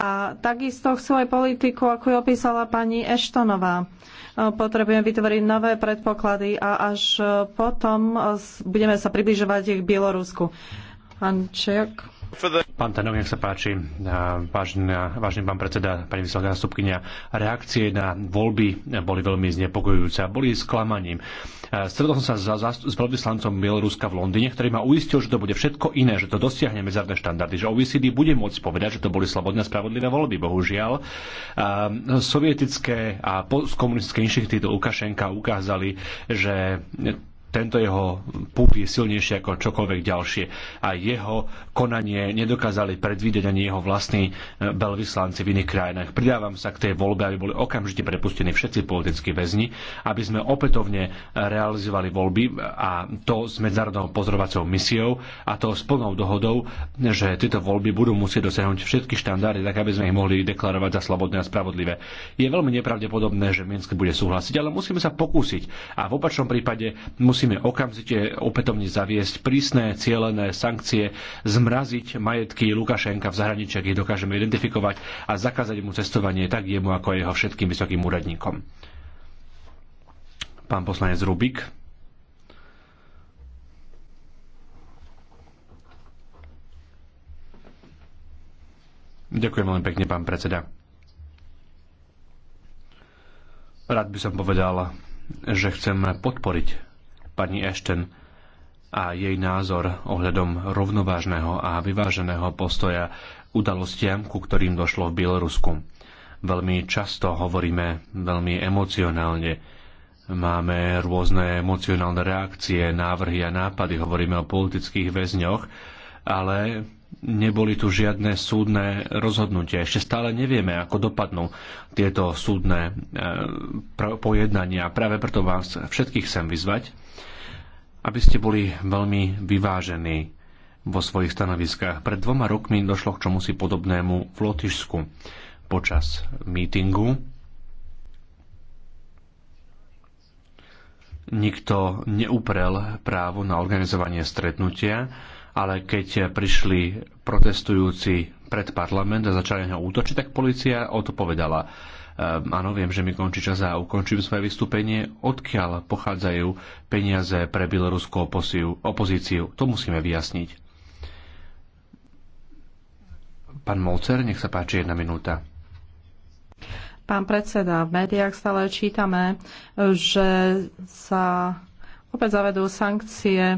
a takisto svoju politiku, ako ju opísala pani Eštonová. E, potrebujeme vytvoriť nové predpoklady a až potom budeme sa približovať k Bielorusku. Pán Pán Tanok, nech sa páči, vážna, pán predseda, pani vysoká nástupkynia, reakcie na voľby boli veľmi znepokojujúce a boli sklamaním. Stretol som sa za, za, s veľvyslancom Bieloruska v Londýne, ktorý ma uistil, že to bude všetko iné, že to dosiahne medzárne štandardy, že OECD bude môcť povedať, že to boli slobodné a spravodlivé voľby. Bohužiaľ, sovietické a komunistické inštitúty do Lukašenka ukázali, že tento jeho púp je silnejší ako čokoľvek ďalšie a jeho konanie nedokázali predvídať ani jeho vlastní veľvyslanci v iných krajinách. Pridávam sa k tej voľbe, aby boli okamžite prepustení všetci politickí väzni, aby sme opätovne realizovali voľby a to s medzinárodnou pozorovacou misiou a to s plnou dohodou, že tieto voľby budú musieť dosiahnuť všetky štandardy, tak aby sme ich mohli deklarovať za slobodné a spravodlivé. Je veľmi nepravdepodobné, že Minsk bude súhlasiť, ale musíme sa pokúsiť a v opačnom prípade musí musíme okamžite opätovne zaviesť prísne cielené sankcie, zmraziť majetky Lukašenka v zahraničí, ak ich dokážeme identifikovať a zakázať mu cestovanie tak jemu ako jeho všetkým vysokým úradníkom. Pán poslanec Rubik. Ďakujem veľmi pekne, pán predseda. Rád by som povedal, že chcem podporiť pani Ashton a jej názor ohľadom rovnovážneho a vyváženého postoja udalostiam, ku ktorým došlo v Bielorusku. Veľmi často hovoríme veľmi emocionálne. Máme rôzne emocionálne reakcie, návrhy a nápady, hovoríme o politických väzňoch, ale neboli tu žiadne súdne rozhodnutia. Ešte stále nevieme, ako dopadnú tieto súdne eh, pojednania. Práve preto vás všetkých chcem vyzvať, aby ste boli veľmi vyvážení vo svojich stanoviskách. Pred dvoma rokmi došlo k čomusi podobnému v Lotyšsku počas mítingu. Nikto neuprel právo na organizovanie stretnutia, ale keď prišli protestujúci pred parlament a začali ho útočiť, tak policia odpovedala Ehm, áno, viem, že mi končí čas a ukončím svoje vystúpenie. Odkiaľ pochádzajú peniaze pre bieloruskú opozíciu? To musíme vyjasniť. Pán Molcer, nech sa páči jedna minúta. Pán predseda, v médiách stále čítame, že sa opäť zavedú sankcie e,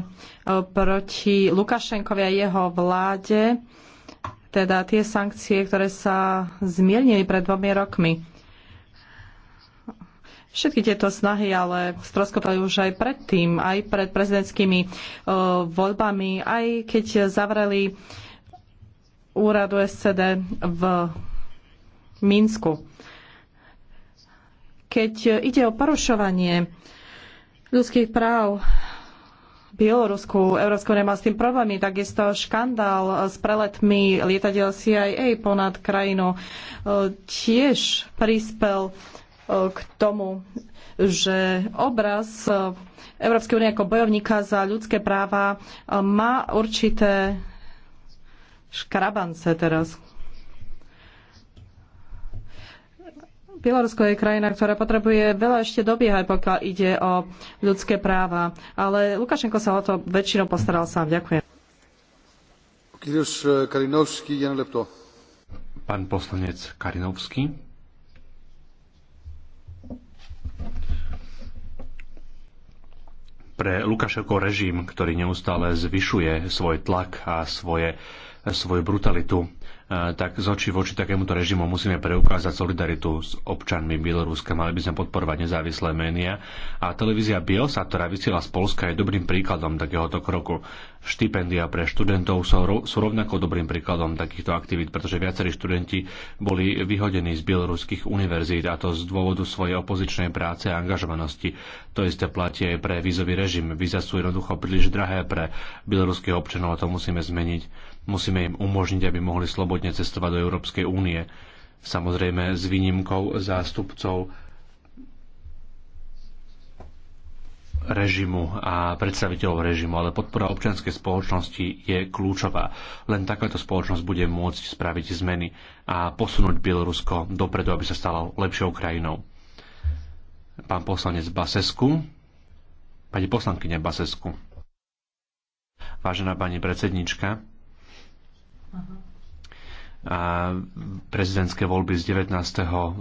proti Lukašenkovi a jeho vláde, teda tie sankcie, ktoré sa zmiernili pred dvomi rokmi. Všetky tieto snahy ale stroskotali už aj predtým, aj pred prezidentskými e, voľbami, aj keď zavreli úradu SCD v Minsku. Keď ide o porušovanie ľudských práv Bielorusku, Európska únia má s tým problémy, takisto škandál s preletmi lietadiel CIA ponad krajinu e, tiež prispel k tomu, že obraz Európskej únie ako bojovníka za ľudské práva má určité škrabance teraz. Bielorusko je krajina, ktorá potrebuje veľa ešte dobiehať, pokiaľ ide o ľudské práva. Ale Lukašenko sa o to väčšinou postaral sám. Ďakujem. Pán poslanec Karinovský. pre Lukašenkov režim, ktorý neustále zvyšuje svoj tlak a svoje, svoju brutalitu tak z očí voči takémuto režimu musíme preukázať solidaritu s občanmi Bieloruska. Mali by sme podporovať nezávislé média. A televízia Biosa, ktorá vysiela z Polska, je dobrým príkladom takéhoto kroku. Štipendia pre študentov sú, sú rovnako dobrým príkladom takýchto aktivít, pretože viacerí študenti boli vyhodení z bieloruských univerzít a to z dôvodu svojej opozičnej práce a angažovanosti. To isté platí aj pre vízový režim. Víza sú jednoducho príliš drahé pre bieloruských občanov a to musíme zmeniť Musíme im umožniť, aby mohli slobodne cestovať do Európskej únie. Samozrejme s výnimkou zástupcov režimu a predstaviteľov režimu, ale podpora občianskej spoločnosti je kľúčová. Len takáto spoločnosť bude môcť spraviť zmeny a posunúť Bielorusko dopredu, aby sa stalo lepšou krajinou. Pán poslanec Basesku, pani poslankyňa Basesku. Vážená pani predsednička, Uh-huh. A prezidentské voľby z 19.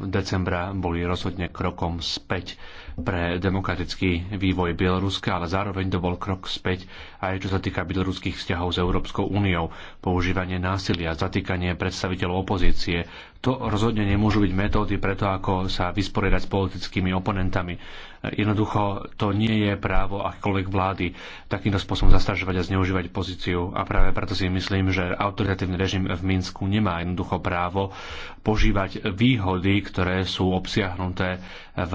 decembra boli rozhodne krokom späť pre demokratický vývoj Bieloruska, ale zároveň to bol krok späť aj čo sa týka bieloruských vzťahov s Európskou úniou. Používanie násilia, zatýkanie predstaviteľov opozície, to rozhodne nemôžu byť metódy preto, ako sa vysporiadať s politickými oponentami. Jednoducho to nie je právo akkoľvek vlády takýmto spôsobom zastražovať a zneužívať pozíciu a práve preto si myslím, že autoritatívny režim v Minsku nemá a jednoducho právo požívať výhody, ktoré sú obsiahnuté v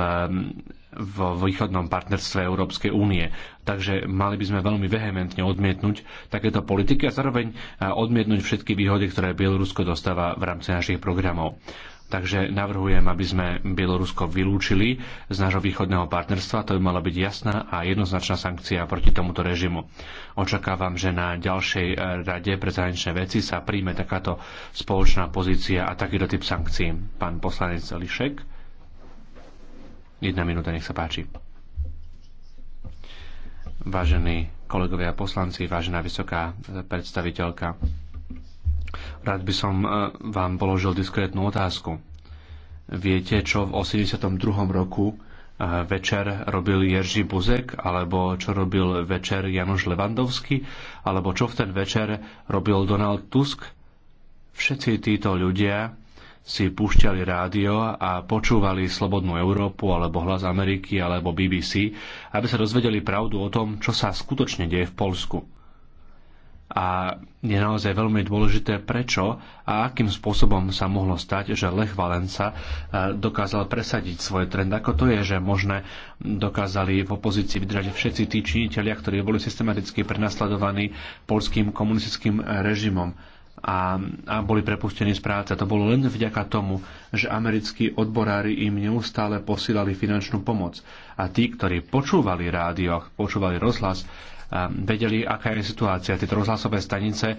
v východnom partnerstve Európskej únie. Takže mali by sme veľmi vehementne odmietnúť takéto politiky a zároveň odmietnúť všetky výhody, ktoré Bielorusko dostáva v rámci našich programov. Takže navrhujem, aby sme Bielorusko vylúčili z nášho východného partnerstva. To by mala byť jasná a jednoznačná sankcia proti tomuto režimu. Očakávam, že na ďalšej e, rade pre zahraničné veci sa príjme takáto spoločná pozícia a takýto typ sankcií. Pán poslanec Lišek. Jedna minúta, nech sa páči. Vážení kolegovia poslanci, vážená vysoká predstaviteľka, Rád by som e, vám položil diskrétnu otázku. Viete, čo v 82. roku e, večer robil Jerzy Buzek, alebo čo robil večer Janoš Levandovský, alebo čo v ten večer robil Donald Tusk? Všetci títo ľudia si púšťali rádio a počúvali Slobodnú Európu alebo Hlas Ameriky alebo BBC, aby sa dozvedeli pravdu o tom, čo sa skutočne deje v Polsku a je naozaj veľmi dôležité, prečo a akým spôsobom sa mohlo stať, že Lech Valenca e, dokázal presadiť svoj trend. Ako to je, že možné dokázali v opozícii vydržať všetci tí činiteľia, ktorí boli systematicky prenasledovaní polským komunistickým režimom a, a boli prepustení z práce. To bolo len vďaka tomu, že americkí odborári im neustále posílali finančnú pomoc. A tí, ktorí počúvali rádio, počúvali rozhlas vedeli, aká je situácia. Tieto rozhlasové stanice um,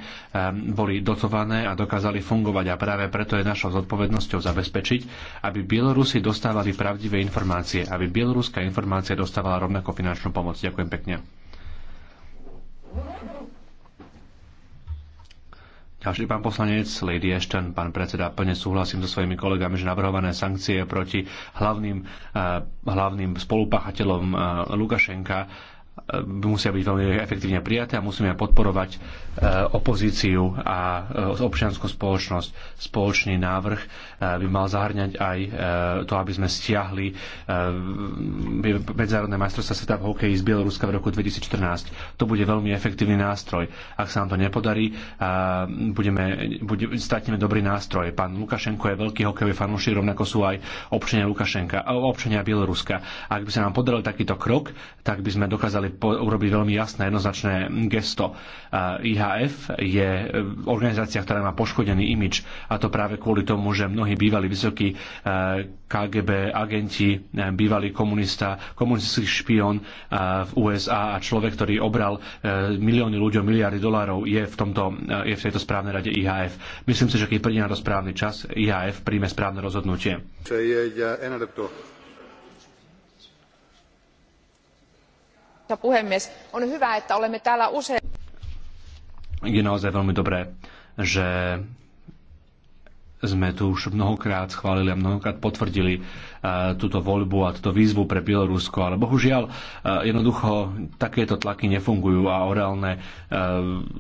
boli dotované a dokázali fungovať a práve preto je našou zodpovednosťou zabezpečiť, aby Bielorusi dostávali pravdivé informácie, aby bieloruská informácia dostávala rovnako finančnú pomoc. Ďakujem pekne. Ďalší pán poslanec, Lady Ashton, pán predseda, plne súhlasím so svojimi kolegami, že navrhované sankcie proti hlavným, uh, hlavným spolupáchateľom uh, Lukašenka Ehm, musia byť veľmi efektívne prijaté a musíme podporovať ehm, opozíciu a ehm, občianskú spoločnosť. Spoločný návrh by mal zahrňať aj to, aby sme stiahli medzárodné majstrovstvá sveta v hokeji z Bieloruska v roku 2014. To bude veľmi efektívny nástroj. Ak sa nám to nepodarí, budeme, bude, stratíme dobrý nástroj. Pán Lukašenko je veľký hokejový fanúšik, rovnako sú aj občania Lukašenka, občania Bieloruska. Ak by sa nám podaril takýto krok, tak by sme dokázali chceli urobiť veľmi jasné, jednoznačné gesto. IHF je organizácia, ktorá má poškodený imič a to práve kvôli tomu, že mnohí bývali vysokí KGB agenti, bývalý komunista, komunistický špion v USA a človek, ktorý obral milióny ľudí, miliardy dolárov, je v, tomto, je v tejto správnej rade IHF. Myslím si, že keď príde na to správny čas, IHF príjme správne rozhodnutie. Čo je, ja, arvoisa puhemies on hyvä että olemme täällä usein je naozaj veľmi dobré, že sme tu už mnohokrát schválili a mnohokrát potvrdili eh, túto voľbu a túto výzvu pre Bielorusko, ale bohužiaľ eh, jednoducho takéto tlaky nefungujú a orálne eh,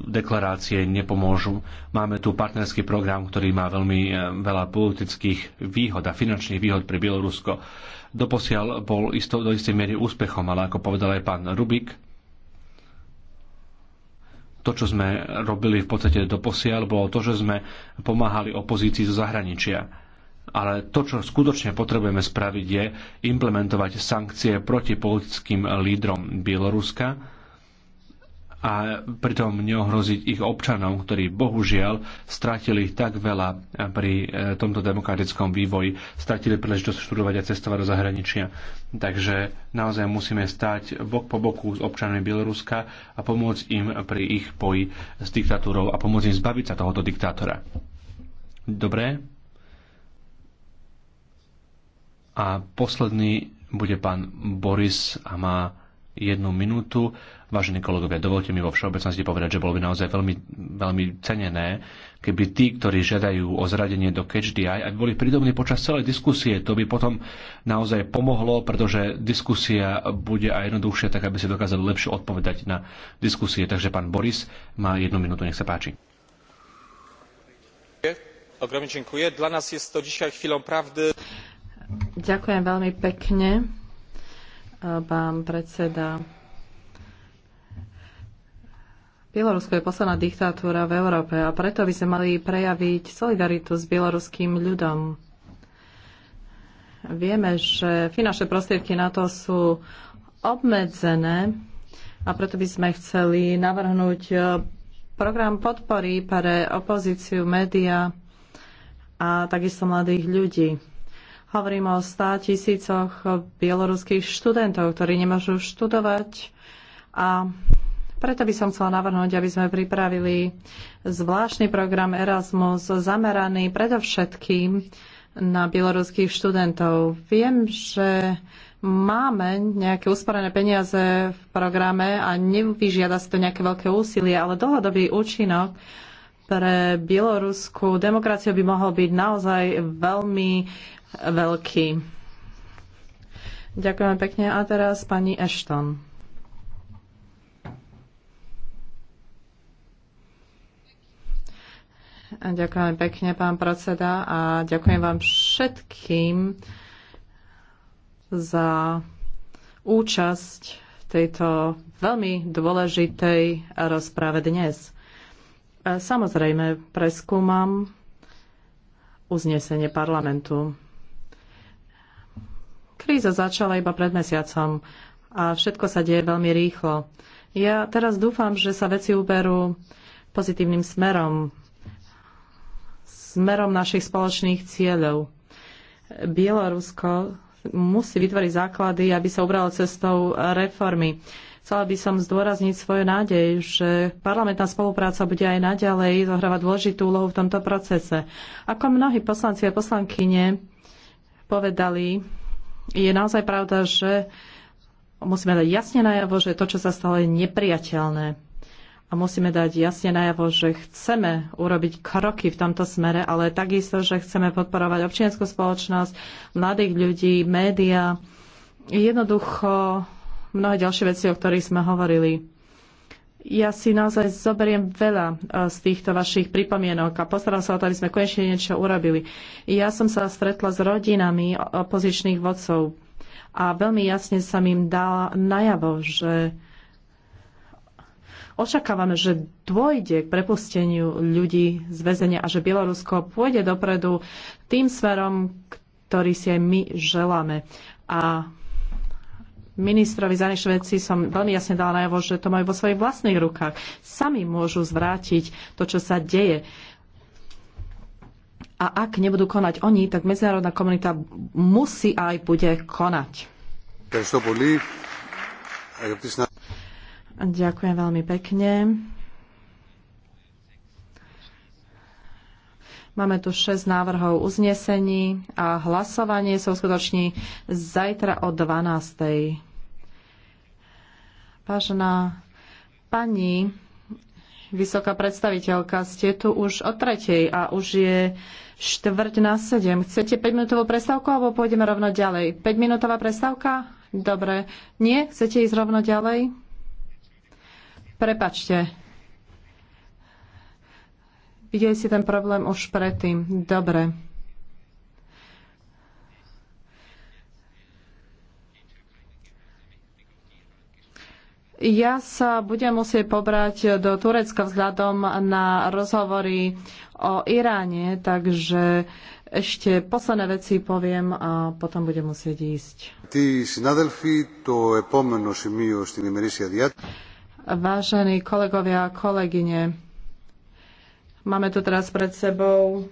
deklarácie nepomôžu. Máme tu partnerský program, ktorý má veľmi veľa politických výhod a finančných výhod pre Bielorusko. Doposiaľ bol isto, do istej miery úspechom, ale ako povedal aj pán Rubik, to, čo sme robili v podstate do posiaľ, bolo to, že sme pomáhali opozícii zo zahraničia. Ale to, čo skutočne potrebujeme spraviť, je implementovať sankcie proti politickým lídrom Bieloruska, a pritom neohroziť ich občanov, ktorí bohužiaľ stratili tak veľa pri e, tomto demokratickom vývoji, stratili príležitosť študovať a cestovať do zahraničia. Takže naozaj musíme stať bok po boku s občanmi Bieloruska a pomôcť im pri ich boji s diktatúrou a pomôcť im zbaviť sa tohoto diktátora. Dobre? A posledný bude pán Boris a má jednu minútu. Vážení kolegovia, dovolte mi vo všeobecnosti povedať, že bolo by naozaj veľmi, veľmi cenené, keby tí, ktorí žiadajú o zradenie do Catch the aby boli prídomní počas celej diskusie. To by potom naozaj pomohlo, pretože diskusia bude aj jednoduchšia, tak aby si dokázali lepšie odpovedať na diskusie. Takže pán Boris má jednu minútu, nech sa páči. Ogromne ďakujem. Dla nás je to dzisiaj chwilą prawdy. Ďakujem veľmi pekne pán predseda. Bielorusko je posledná diktatúra v Európe a preto by sme mali prejaviť solidaritu s bieloruským ľudom. Vieme, že finančné prostriedky na to sú obmedzené a preto by sme chceli navrhnúť e, program podpory pre opozíciu, média a takisto mladých ľudí. Hovorím o 100 tisícoch bieloruských študentov, ktorí nemôžu študovať a preto by som chcela navrhnúť, aby sme pripravili zvláštny program Erasmus zameraný predovšetkým na bieloruských študentov. Viem, že máme nejaké usporené peniaze v programe a nevyžiada si to nejaké veľké úsilie, ale dlhodobý účinok pre bieloruskú demokraciu by mohol byť naozaj veľmi veľký. Ďakujem pekne. A teraz pani Ashton. ďakujem pekne, pán predseda, a ďakujem vám všetkým za účasť v tejto veľmi dôležitej rozprave dnes. Samozrejme, preskúmam uznesenie parlamentu. Kríza začala iba pred mesiacom a všetko sa deje veľmi rýchlo. Ja teraz dúfam, že sa veci uberú pozitívnym smerom, smerom našich spoločných cieľov. Bielorusko musí vytvoriť základy, aby sa ubralo cestou reformy. Chcela by som zdôrazniť svoju nádej, že parlamentná spolupráca bude aj naďalej zohrávať dôležitú úlohu v tomto procese. Ako mnohí poslanci a poslankyne povedali, je naozaj pravda, že musíme dať jasne najavo, že to, čo sa stalo, je nepriateľné. A musíme dať jasne najavo, že chceme urobiť kroky v tomto smere, ale takisto, že chceme podporovať občianskú spoločnosť, mladých ľudí, médiá, jednoducho mnohé ďalšie veci, o ktorých sme hovorili. Ja si naozaj zoberiem veľa e, z týchto vašich pripomienok a postaram sa o to, aby sme konečne niečo urobili. Ja som sa stretla s rodinami opozičných vodcov a veľmi jasne sa im dala najavo, že očakávame, že dôjde k prepusteniu ľudí z väzenia a že Bielorusko pôjde dopredu tým smerom, ktorý si aj my želáme. A ministrovi zahraničných vecí som veľmi jasne dala najavo, že to majú vo svojich vlastných rukách. Sami môžu zvrátiť to, čo sa deje. A ak nebudú konať oni, tak medzinárodná komunita musí a aj bude konať. Ďakujem veľmi pekne. Máme tu 6 návrhov uznesení a hlasovanie sa uskutoční zajtra o 12. Vážená pani vysoká predstaviteľka, ste tu už o tretej a už je štvrť na sedem. Chcete 5-minútovú prestávku alebo pôjdeme rovno ďalej? 5-minútová prestávka? Dobre. Nie? Chcete ísť rovno ďalej? Prepačte. Videli ste ten problém už predtým. Dobre. Ja sa budem musieť pobrať do Turecka vzhľadom na rozhovory o Iráne, takže ešte posledné veci poviem a potom budem musieť ísť. Vážení kolegovia a kolegyne, máme tu teraz pred sebou